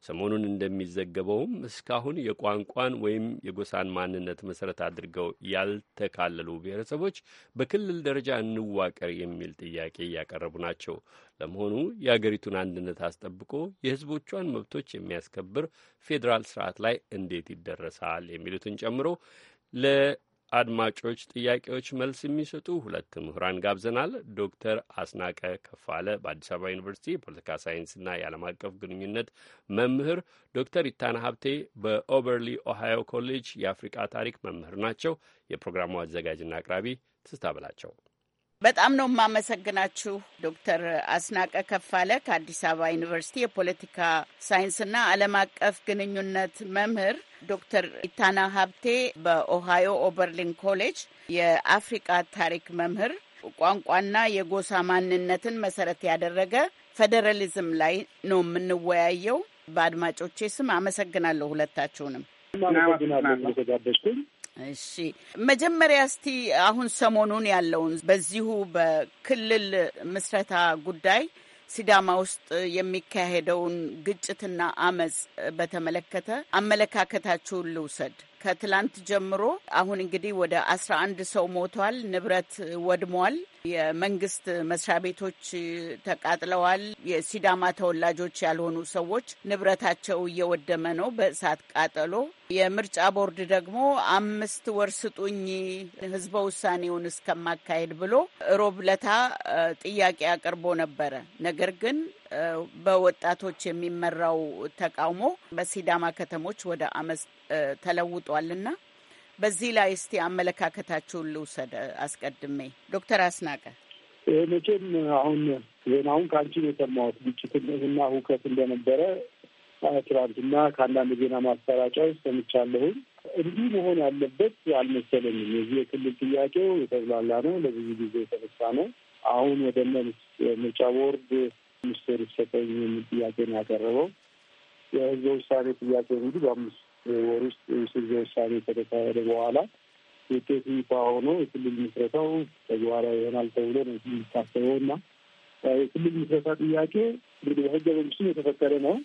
ሰሞኑን እንደሚዘገበውም እስካሁን የቋንቋን ወይም የጎሳን ማንነት መሰረት አድርገው ያልተካለሉ ብሔረሰቦች በክልል ደረጃ እንዋቀር የሚል ጥያቄ እያቀረቡ ናቸው። ለመሆኑ የአገሪቱን አንድነት አስጠብቆ የሕዝቦቿን መብቶች የሚያስከብር ፌዴራል ስርዓት ላይ እንዴት ይደረሳል? የሚሉትን ጨምሮ ለአድማጮች ጥያቄዎች መልስ የሚሰጡ ሁለት ምሁራን ጋብዘናል። ዶክተር አስናቀ ከፋለ በአዲስ አበባ ዩኒቨርሲቲ የፖለቲካ ሳይንስና የዓለም አቀፍ ግንኙነት መምህር፣ ዶክተር ኢታና ሀብቴ በኦበርሊ ኦሃዮ ኮሌጅ የአፍሪቃ ታሪክ መምህር ናቸው። የፕሮግራሙ አዘጋጅና አቅራቢ ትስታ ብላቸው በጣም ነው የማመሰግናችሁ ዶክተር አስናቀ ከፋለ ከአዲስ አበባ ዩኒቨርሲቲ የፖለቲካ ሳይንስና ዓለም አቀፍ ግንኙነት መምህር፣ ዶክተር ኢታና ሀብቴ በኦሃዮ ኦበርሊን ኮሌጅ የአፍሪቃ ታሪክ መምህር፣ ቋንቋና የጎሳ ማንነትን መሰረት ያደረገ ፌዴራሊዝም ላይ ነው የምንወያየው። በአድማጮቼ ስም አመሰግናለሁ ሁለታችሁንም። እሺ መጀመሪያ እስቲ አሁን ሰሞኑን ያለውን በዚሁ በክልል ምስረታ ጉዳይ ሲዳማ ውስጥ የሚካሄደውን ግጭትና አመጽ በተመለከተ አመለካከታችሁን ልውሰድ። ከትላንት ጀምሮ አሁን እንግዲህ ወደ አስራ አንድ ሰው ሞቷል። ንብረት ወድሟል። የመንግስት መስሪያ ቤቶች ተቃጥለዋል። የሲዳማ ተወላጆች ያልሆኑ ሰዎች ንብረታቸው እየወደመ ነው በእሳት ቃጠሎ። የምርጫ ቦርድ ደግሞ አምስት ወር ስጡኝ ህዝበ ውሳኔውን እስከማካሄድ ብሎ ሮብ ለታ ጥያቄ አቅርቦ ነበረ ነገር ግን በወጣቶች የሚመራው ተቃውሞ በሲዳማ ከተሞች ወደ አመፅ ተለውጧልና በዚህ ላይ እስቲ አመለካከታችሁን ልውሰድ። አስቀድሜ ዶክተር አስናቀ መቼም አሁን ዜናውን ከአንቺ የሰማሁት ግጭትና ሁከት እንደነበረ ትናንትና ከአንዳንድ ዜና ማሰራጫዎች ሰምቻለሁኝ። እንዲህ መሆን ያለበት አልመሰለኝም። የዚህ የክልል ጥያቄው የተብላላ ነው፣ ለብዙ ጊዜ የተነሳ ነው። አሁን ወደ ምርጫ ቦርድ ሚኒስቴር ይሰጠኝ የሚል ጥያቄ ነው ያቀረበው። የህዝበ ውሳኔ ጥያቄ እንግዲህ በአምስት ወር ውስጥ ህዝበ ውሳኔ ከተካሄደ በኋላ ውጤቱ ይፋ ሆኖ የክልል ምስረታው ተግባራዊ ይሆናል ተብሎ ነው የሚታሰበው እና የክልል ምስረታ ጥያቄ እንግዲህ በህገ መንግስቱ የተፈቀደ ነው።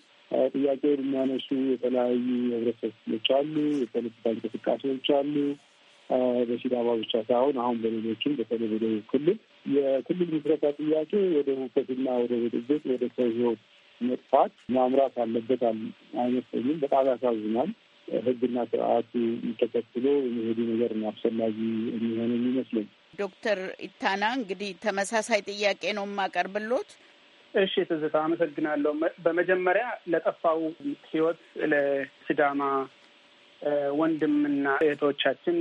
ጥያቄ የሚያነሱ የተለያዩ ህብረተሰብ ክፍሎች አሉ፣ የፖለቲካ እንቅስቃሴዎች አሉ። በሲዳማ ብቻ ሳይሆን አሁን በሌሎችም በተለይ በደቡብ ክልል የክልል ምስረታ ጥያቄ ወደ ሁከትና ወደ ብጥብጥ ወደ ሰው ህይወት መጥፋት ማምራት አለበት አይመስለኝም። በጣም ያሳዝናል። ህግና ስርዓቱ ተከትሎ የሚሄዱ ነገር አስፈላጊ የሚሆነ የሚመስለኝ። ዶክተር ኢታና እንግዲህ ተመሳሳይ ጥያቄ ነው የማቀርብሎት። እሺ ትዝታ አመሰግናለሁ። በመጀመሪያ ለጠፋው ህይወት ለሲዳማ ወንድምና እህቶቻችን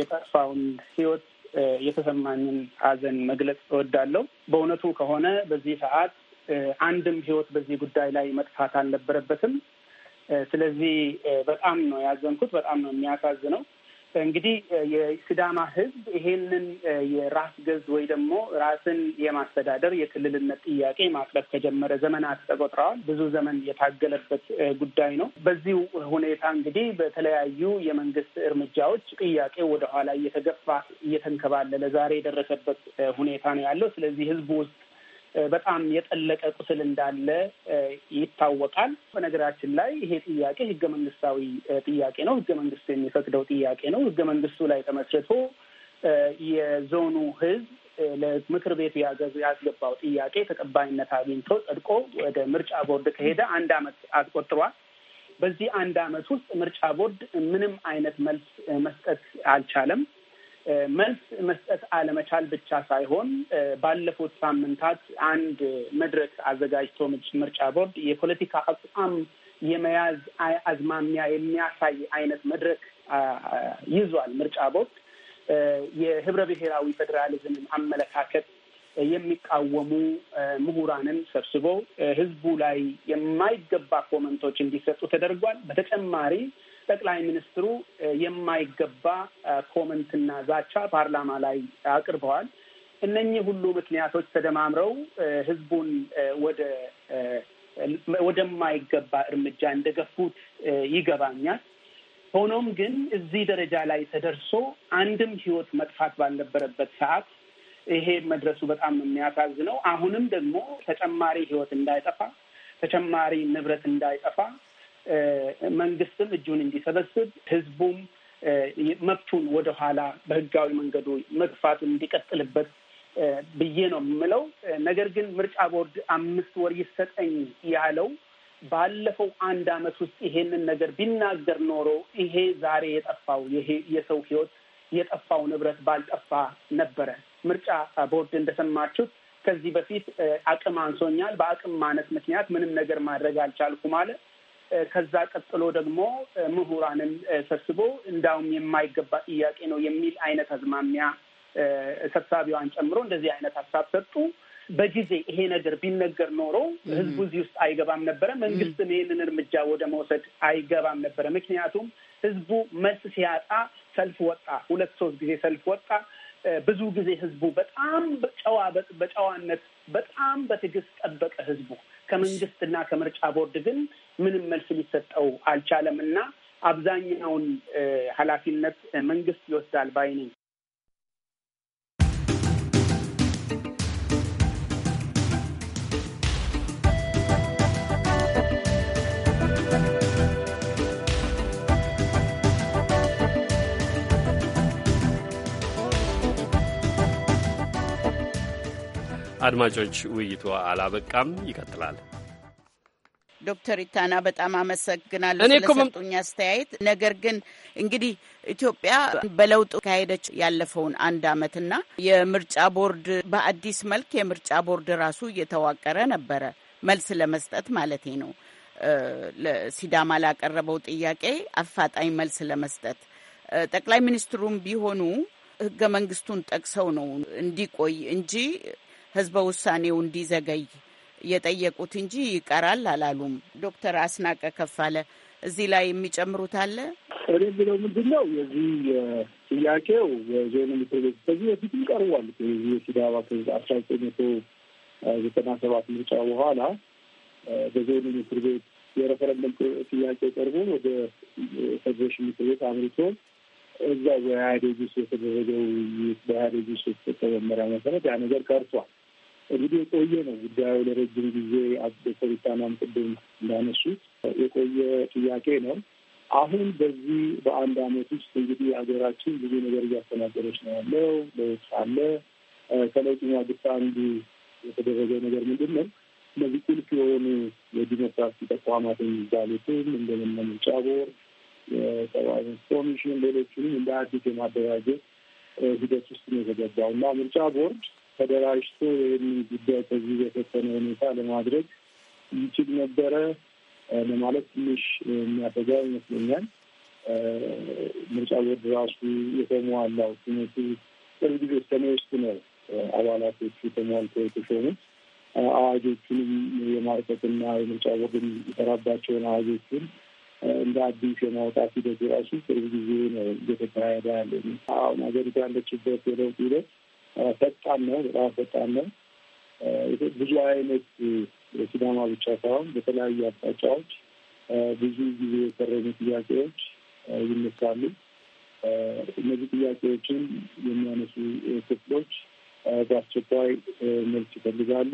የጠፋውን ህይወት የተሰማኝን ሐዘን መግለጽ እወዳለሁ። በእውነቱ ከሆነ በዚህ ሰዓት አንድም ሕይወት በዚህ ጉዳይ ላይ መጥፋት አልነበረበትም። ስለዚህ በጣም ነው ያዘንኩት፣ በጣም ነው የሚያሳዝነው። እንግዲህ የሲዳማ ህዝብ ይሄንን የራስ ገዝ ወይ ደግሞ ራስን የማስተዳደር የክልልነት ጥያቄ ማቅረብ ከጀመረ ዘመናት ተቆጥረዋል። ብዙ ዘመን የታገለበት ጉዳይ ነው። በዚሁ ሁኔታ እንግዲህ በተለያዩ የመንግስት እርምጃዎች ጥያቄ ወደኋላ እየተገፋ እየተንከባለለ ዛሬ የደረሰበት ሁኔታ ነው ያለው። ስለዚህ ህዝቡ ውስጥ በጣም የጠለቀ ቁስል እንዳለ ይታወቃል። በነገራችን ላይ ይሄ ጥያቄ ህገ መንግስታዊ ጥያቄ ነው። ህገ መንግስቱ የሚፈቅደው ጥያቄ ነው። ህገ መንግስቱ ላይ ተመስርቶ የዞኑ ህዝብ ለምክር ቤቱ ያስገባው ጥያቄ ተቀባይነት አግኝቶ ጸድቆ ወደ ምርጫ ቦርድ ከሄደ አንድ አመት አስቆጥሯል። በዚህ አንድ አመት ውስጥ ምርጫ ቦርድ ምንም አይነት መልስ መስጠት አልቻለም። መልስ መስጠት አለመቻል ብቻ ሳይሆን ባለፉት ሳምንታት አንድ መድረክ አዘጋጅቶ ምርጫ ቦርድ የፖለቲካ አቋም የመያዝ አዝማሚያ የሚያሳይ አይነት መድረክ ይዟል። ምርጫ ቦርድ የህብረ ብሔራዊ ፌዴራሊዝምን አመለካከት የሚቃወሙ ምሁራንን ሰብስቦ ህዝቡ ላይ የማይገባ ኮመንቶች እንዲሰጡ ተደርጓል። በተጨማሪ ጠቅላይ ሚኒስትሩ የማይገባ ኮመንትና ዛቻ ፓርላማ ላይ አቅርበዋል። እነኚህ ሁሉ ምክንያቶች ተደማምረው ህዝቡን ወደ ወደማይገባ እርምጃ እንደገፉት ይገባኛል። ሆኖም ግን እዚህ ደረጃ ላይ ተደርሶ አንድም ህይወት መጥፋት ባልነበረበት ሰዓት ይሄ መድረሱ በጣም የሚያሳዝነው አሁንም ደግሞ ተጨማሪ ህይወት እንዳይጠፋ ተጨማሪ ንብረት እንዳይጠፋ መንግስትም እጁን እንዲሰበስብ ህዝቡም መብቱን ወደኋላ በህጋዊ መንገዱ መግፋቱን እንዲቀጥልበት ብዬ ነው የምለው። ነገር ግን ምርጫ ቦርድ አምስት ወር ይሰጠኝ ያለው ባለፈው አንድ አመት ውስጥ ይሄንን ነገር ቢናገር ኖሮ ይሄ ዛሬ የጠፋው ይሄ የሰው ህይወት የጠፋው ንብረት ባልጠፋ ነበረ። ምርጫ ቦርድ እንደሰማችሁት ከዚህ በፊት አቅም አንሶኛል፣ በአቅም ማነት ምክንያት ምንም ነገር ማድረግ አልቻልኩም አለ። ከዛ ቀጥሎ ደግሞ ምሁራንን ሰብስቦ እንዳውም የማይገባ ጥያቄ ነው የሚል አይነት አዝማሚያ ሰብሳቢዋን ጨምሮ እንደዚህ አይነት ሀሳብ ሰጡ። በጊዜ ይሄ ነገር ቢነገር ኖሮ ህዝቡ እዚህ ውስጥ አይገባም ነበረ፣ መንግስትም ይህንን እርምጃ ወደ መውሰድ አይገባም ነበረ። ምክንያቱም ህዝቡ መልስ ሲያጣ ሰልፍ ወጣ፣ ሁለት ሶስት ጊዜ ሰልፍ ወጣ። ብዙ ጊዜ ህዝቡ በጣም በጨዋነት በጣም በትዕግስት ጠበቀ ህዝቡ ከመንግስትና ከምርጫ ቦርድ ግን ምንም መልስ ሊሰጠው አልቻለም እና አብዛኛውን ኃላፊነት መንግስት ይወስዳል ባይ ነኝ። አድማጮች፣ ውይይቱ አላበቃም፣ ይቀጥላል። ዶክተር ኢታና በጣም አመሰግናለሁ ስለሰጡኝ አስተያየት። ነገር ግን እንግዲህ ኢትዮጵያ በለውጥ ካሄደች ያለፈውን አንድ አመትና የምርጫ ቦርድ በአዲስ መልክ የምርጫ ቦርድ ራሱ እየተዋቀረ ነበረ፣ መልስ ለመስጠት ማለቴ ነው። ለሲዳማ ላቀረበው ጥያቄ አፋጣኝ መልስ ለመስጠት ጠቅላይ ሚኒስትሩም ቢሆኑ ህገ መንግስቱን ጠቅሰው ነው እንዲቆይ እንጂ ህዝበ ውሳኔው እንዲዘገይ የጠየቁት እንጂ ይቀራል አላሉም። ዶክተር አስናቀ ከፋለ እዚህ ላይ የሚጨምሩት አለ? እኔ ብለው ምንድን ነው የዚህ ጥያቄው የዞኑ ምክር ቤት ከዚህ በፊትም ቀርቧል። የሲዳማ አስራ ዘጠኝ መቶ ዘጠና ሰባት ምርጫ በኋላ በዞኑ ምክር ቤት የረፈረንደም ጥያቄ ቀርቦ ወደ ፌዴሬሽን ምክር ቤት አምርቶ እዛ በኢህአዴግ ውስጥ የተደረገው ውይይት በኢህአዴግ ውስጥ የተሰጠ መሰረት ያ ነገር ቀርቷል። እንግዲህ የቆየ ነው ጉዳዩ ለረጅም ጊዜ ዶክተር ኢታማም ቅድም እንዳነሱት የቆየ ጥያቄ ነው። አሁን በዚህ በአንድ አመት ውስጥ እንግዲህ ሀገራችን ብዙ ነገር እያስተናገረች ነው ያለው። ለውጥ አለ። ከለውጡ ማግስት አንዱ የተደረገ ነገር ምንድን ነው? እነዚህ ቁልፍ የሆኑ የዲሞክራሲ ተቋማት የሚባሉትም እንደምነ ምርጫ ቦርድ፣ የሰብአዊ መብት ኮሚሽን፣ ሌሎችንም እንደ አዲስ የማደራጀት ሂደት ውስጥ ነው የተገባው እና ምርጫ ቦርድ ተደራጅቶ ይህን ጉዳይ ከዚህ በተወሰነ ሁኔታ ለማድረግ ይችል ነበረ ለማለት ትንሽ የሚያሰጋ ይመስለኛል። ምርጫ ቦርድ ራሱ የተሟላው ስመቱ ቅርብ ጊዜ ሰኔ ውስጥ ነው አባላቶቹ ተሟልቶ የተሾሙት። አዋጆቹንም የማርከትና የምርጫ ቦርድን የሰራባቸውን አዋጆቹን እንደ አዲስ የማውጣት ሂደት ራሱ ቅርብ ጊዜ ነው እየተካሄደ ያለ። አሁን ሀገሪቱ ያለችበት የለውጥ ሂደት ፈጣን ነው፣ በጣም ፈጣን ነው። ብዙ አይነት የሲዳማ ብቻ ሳይሆን በተለያዩ አቅጣጫዎች ብዙ ጊዜ የቀረቡ ጥያቄዎች ይነሳሉ። እነዚህ ጥያቄዎችን የሚያነሱ ክፍሎች በአስቸኳይ መልስ ይፈልጋሉ።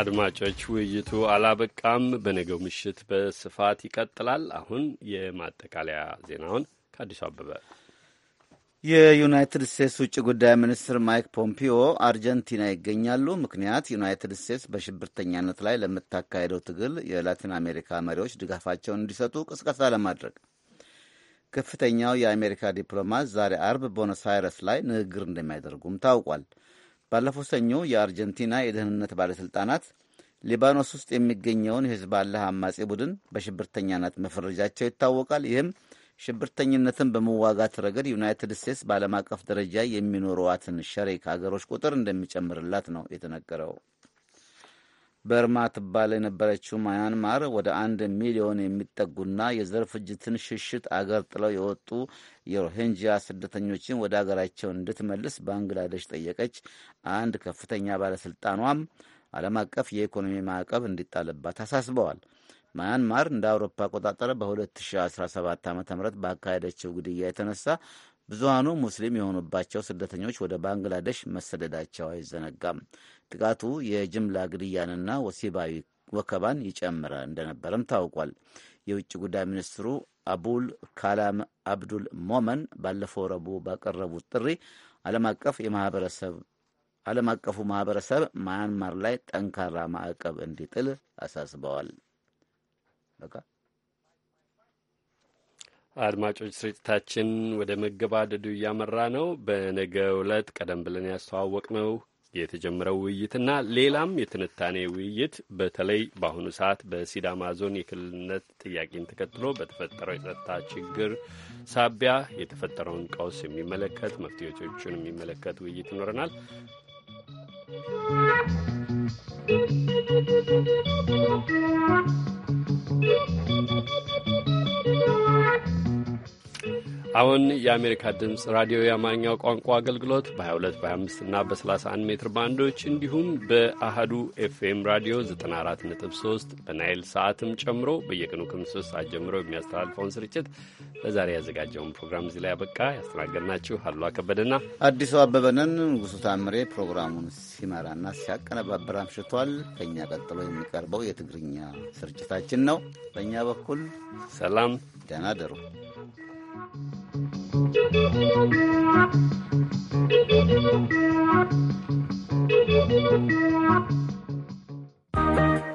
አድማጮች ውይይቱ አላበቃም። በነገው ምሽት በስፋት ይቀጥላል። አሁን የማጠቃለያ ዜናውን ከአዲሱ አበበ። የዩናይትድ ስቴትስ ውጭ ጉዳይ ሚኒስትር ማይክ ፖምፒዮ አርጀንቲና ይገኛሉ። ምክንያት ዩናይትድ ስቴትስ በሽብርተኛነት ላይ ለምታካሄደው ትግል የላቲን አሜሪካ መሪዎች ድጋፋቸውን እንዲሰጡ ቅስቀሳ ለማድረግ ከፍተኛው የአሜሪካ ዲፕሎማት ዛሬ አርብ ቦነስ አይረስ ላይ ንግግር እንደሚያደርጉም ታውቋል። ባለፈው ሰኞ የአርጀንቲና የደህንነት ባለሥልጣናት ሊባኖስ ውስጥ የሚገኘውን የህዝባላህ አማጼ ቡድን በሽብርተኛነት መፈረጃቸው ይታወቃል። ይህም ሽብርተኝነትን በመዋጋት ረገድ ዩናይትድ ስቴትስ በዓለም አቀፍ ደረጃ የሚኖረዋትን ሸሪክ ሀገሮች ቁጥር እንደሚጨምርላት ነው የተነገረው። በርማ ትባል የነበረችው ማያንማር ወደ አንድ ሚሊዮን የሚጠጉና የዘር ፍጅትን ሽሽት አገር ጥለው የወጡ የሮሂንጂያ ስደተኞችን ወደ አገራቸው እንድትመልስ ባንግላዴሽ ጠየቀች። አንድ ከፍተኛ ባለስልጣኗም ዓለም አቀፍ የኢኮኖሚ ማዕቀብ እንዲጣልባት አሳስበዋል። ማያንማር እንደ አውሮፓ አቆጣጠር በ2017 ዓ ም ባካሄደችው ግድያ የተነሳ ብዙሃኑ ሙስሊም የሆኑባቸው ስደተኞች ወደ ባንግላዴሽ መሰደዳቸው አይዘነጋም። ጥቃቱ የጅምላ ግድያንና ወሲባዊ ወከባን ይጨምረ እንደነበረም ታውቋል። የውጭ ጉዳይ ሚኒስትሩ አቡል ካላም አብዱል ሞመን ባለፈው ረቡዕ ባቀረቡት ጥሪ ዓለም አቀፍ የማህበረሰብ ዓለም አቀፉ ማህበረሰብ ማያንማር ላይ ጠንካራ ማዕቀብ እንዲጥል አሳስበዋል። አድማጮች ስርጭታችን ወደ መገባደዱ እያመራ ነው። በነገ ዕለት ቀደም ብለን ያስተዋወቅ ነው የተጀመረው ውይይትና ሌላም የትንታኔ ውይይት በተለይ በአሁኑ ሰዓት በሲዳማ ዞን የክልልነት ጥያቄን ተከትሎ በተፈጠረው የጸጥታ ችግር ሳቢያ የተፈጠረውን ቀውስ የሚመለከት መፍትሄዎቹን የሚመለከት ውይይት ይኖረናል። አሁን የአሜሪካ ድምፅ ራዲዮ የአማርኛው ቋንቋ አገልግሎት በ22 በ25 እና በ31 ሜትር ባንዶች እንዲሁም በአህዱ ኤፍኤም ራዲዮ 94.3 በናይል ሰዓትም ጨምሮ በየቀኑ ከምሽቱ ሰዓት ጀምሮ የሚያስተላልፈውን ስርጭት ለዛሬ ያዘጋጀውን ፕሮግራም እዚህ ላይ ያበቃ። ያስተናገድናችሁ አሉላ ከበደና አዲሱ አበበንን ንጉሱ ታምሬ ፕሮግራሙን ሲመራና ሲያቀነባበር አምሽቷል። ከእኛ ቀጥሎ የሚቀርበው የትግርኛ ስርጭታችን ነው። በእኛ በኩል ሰላም፣ ደህና ደሩ። Thank you.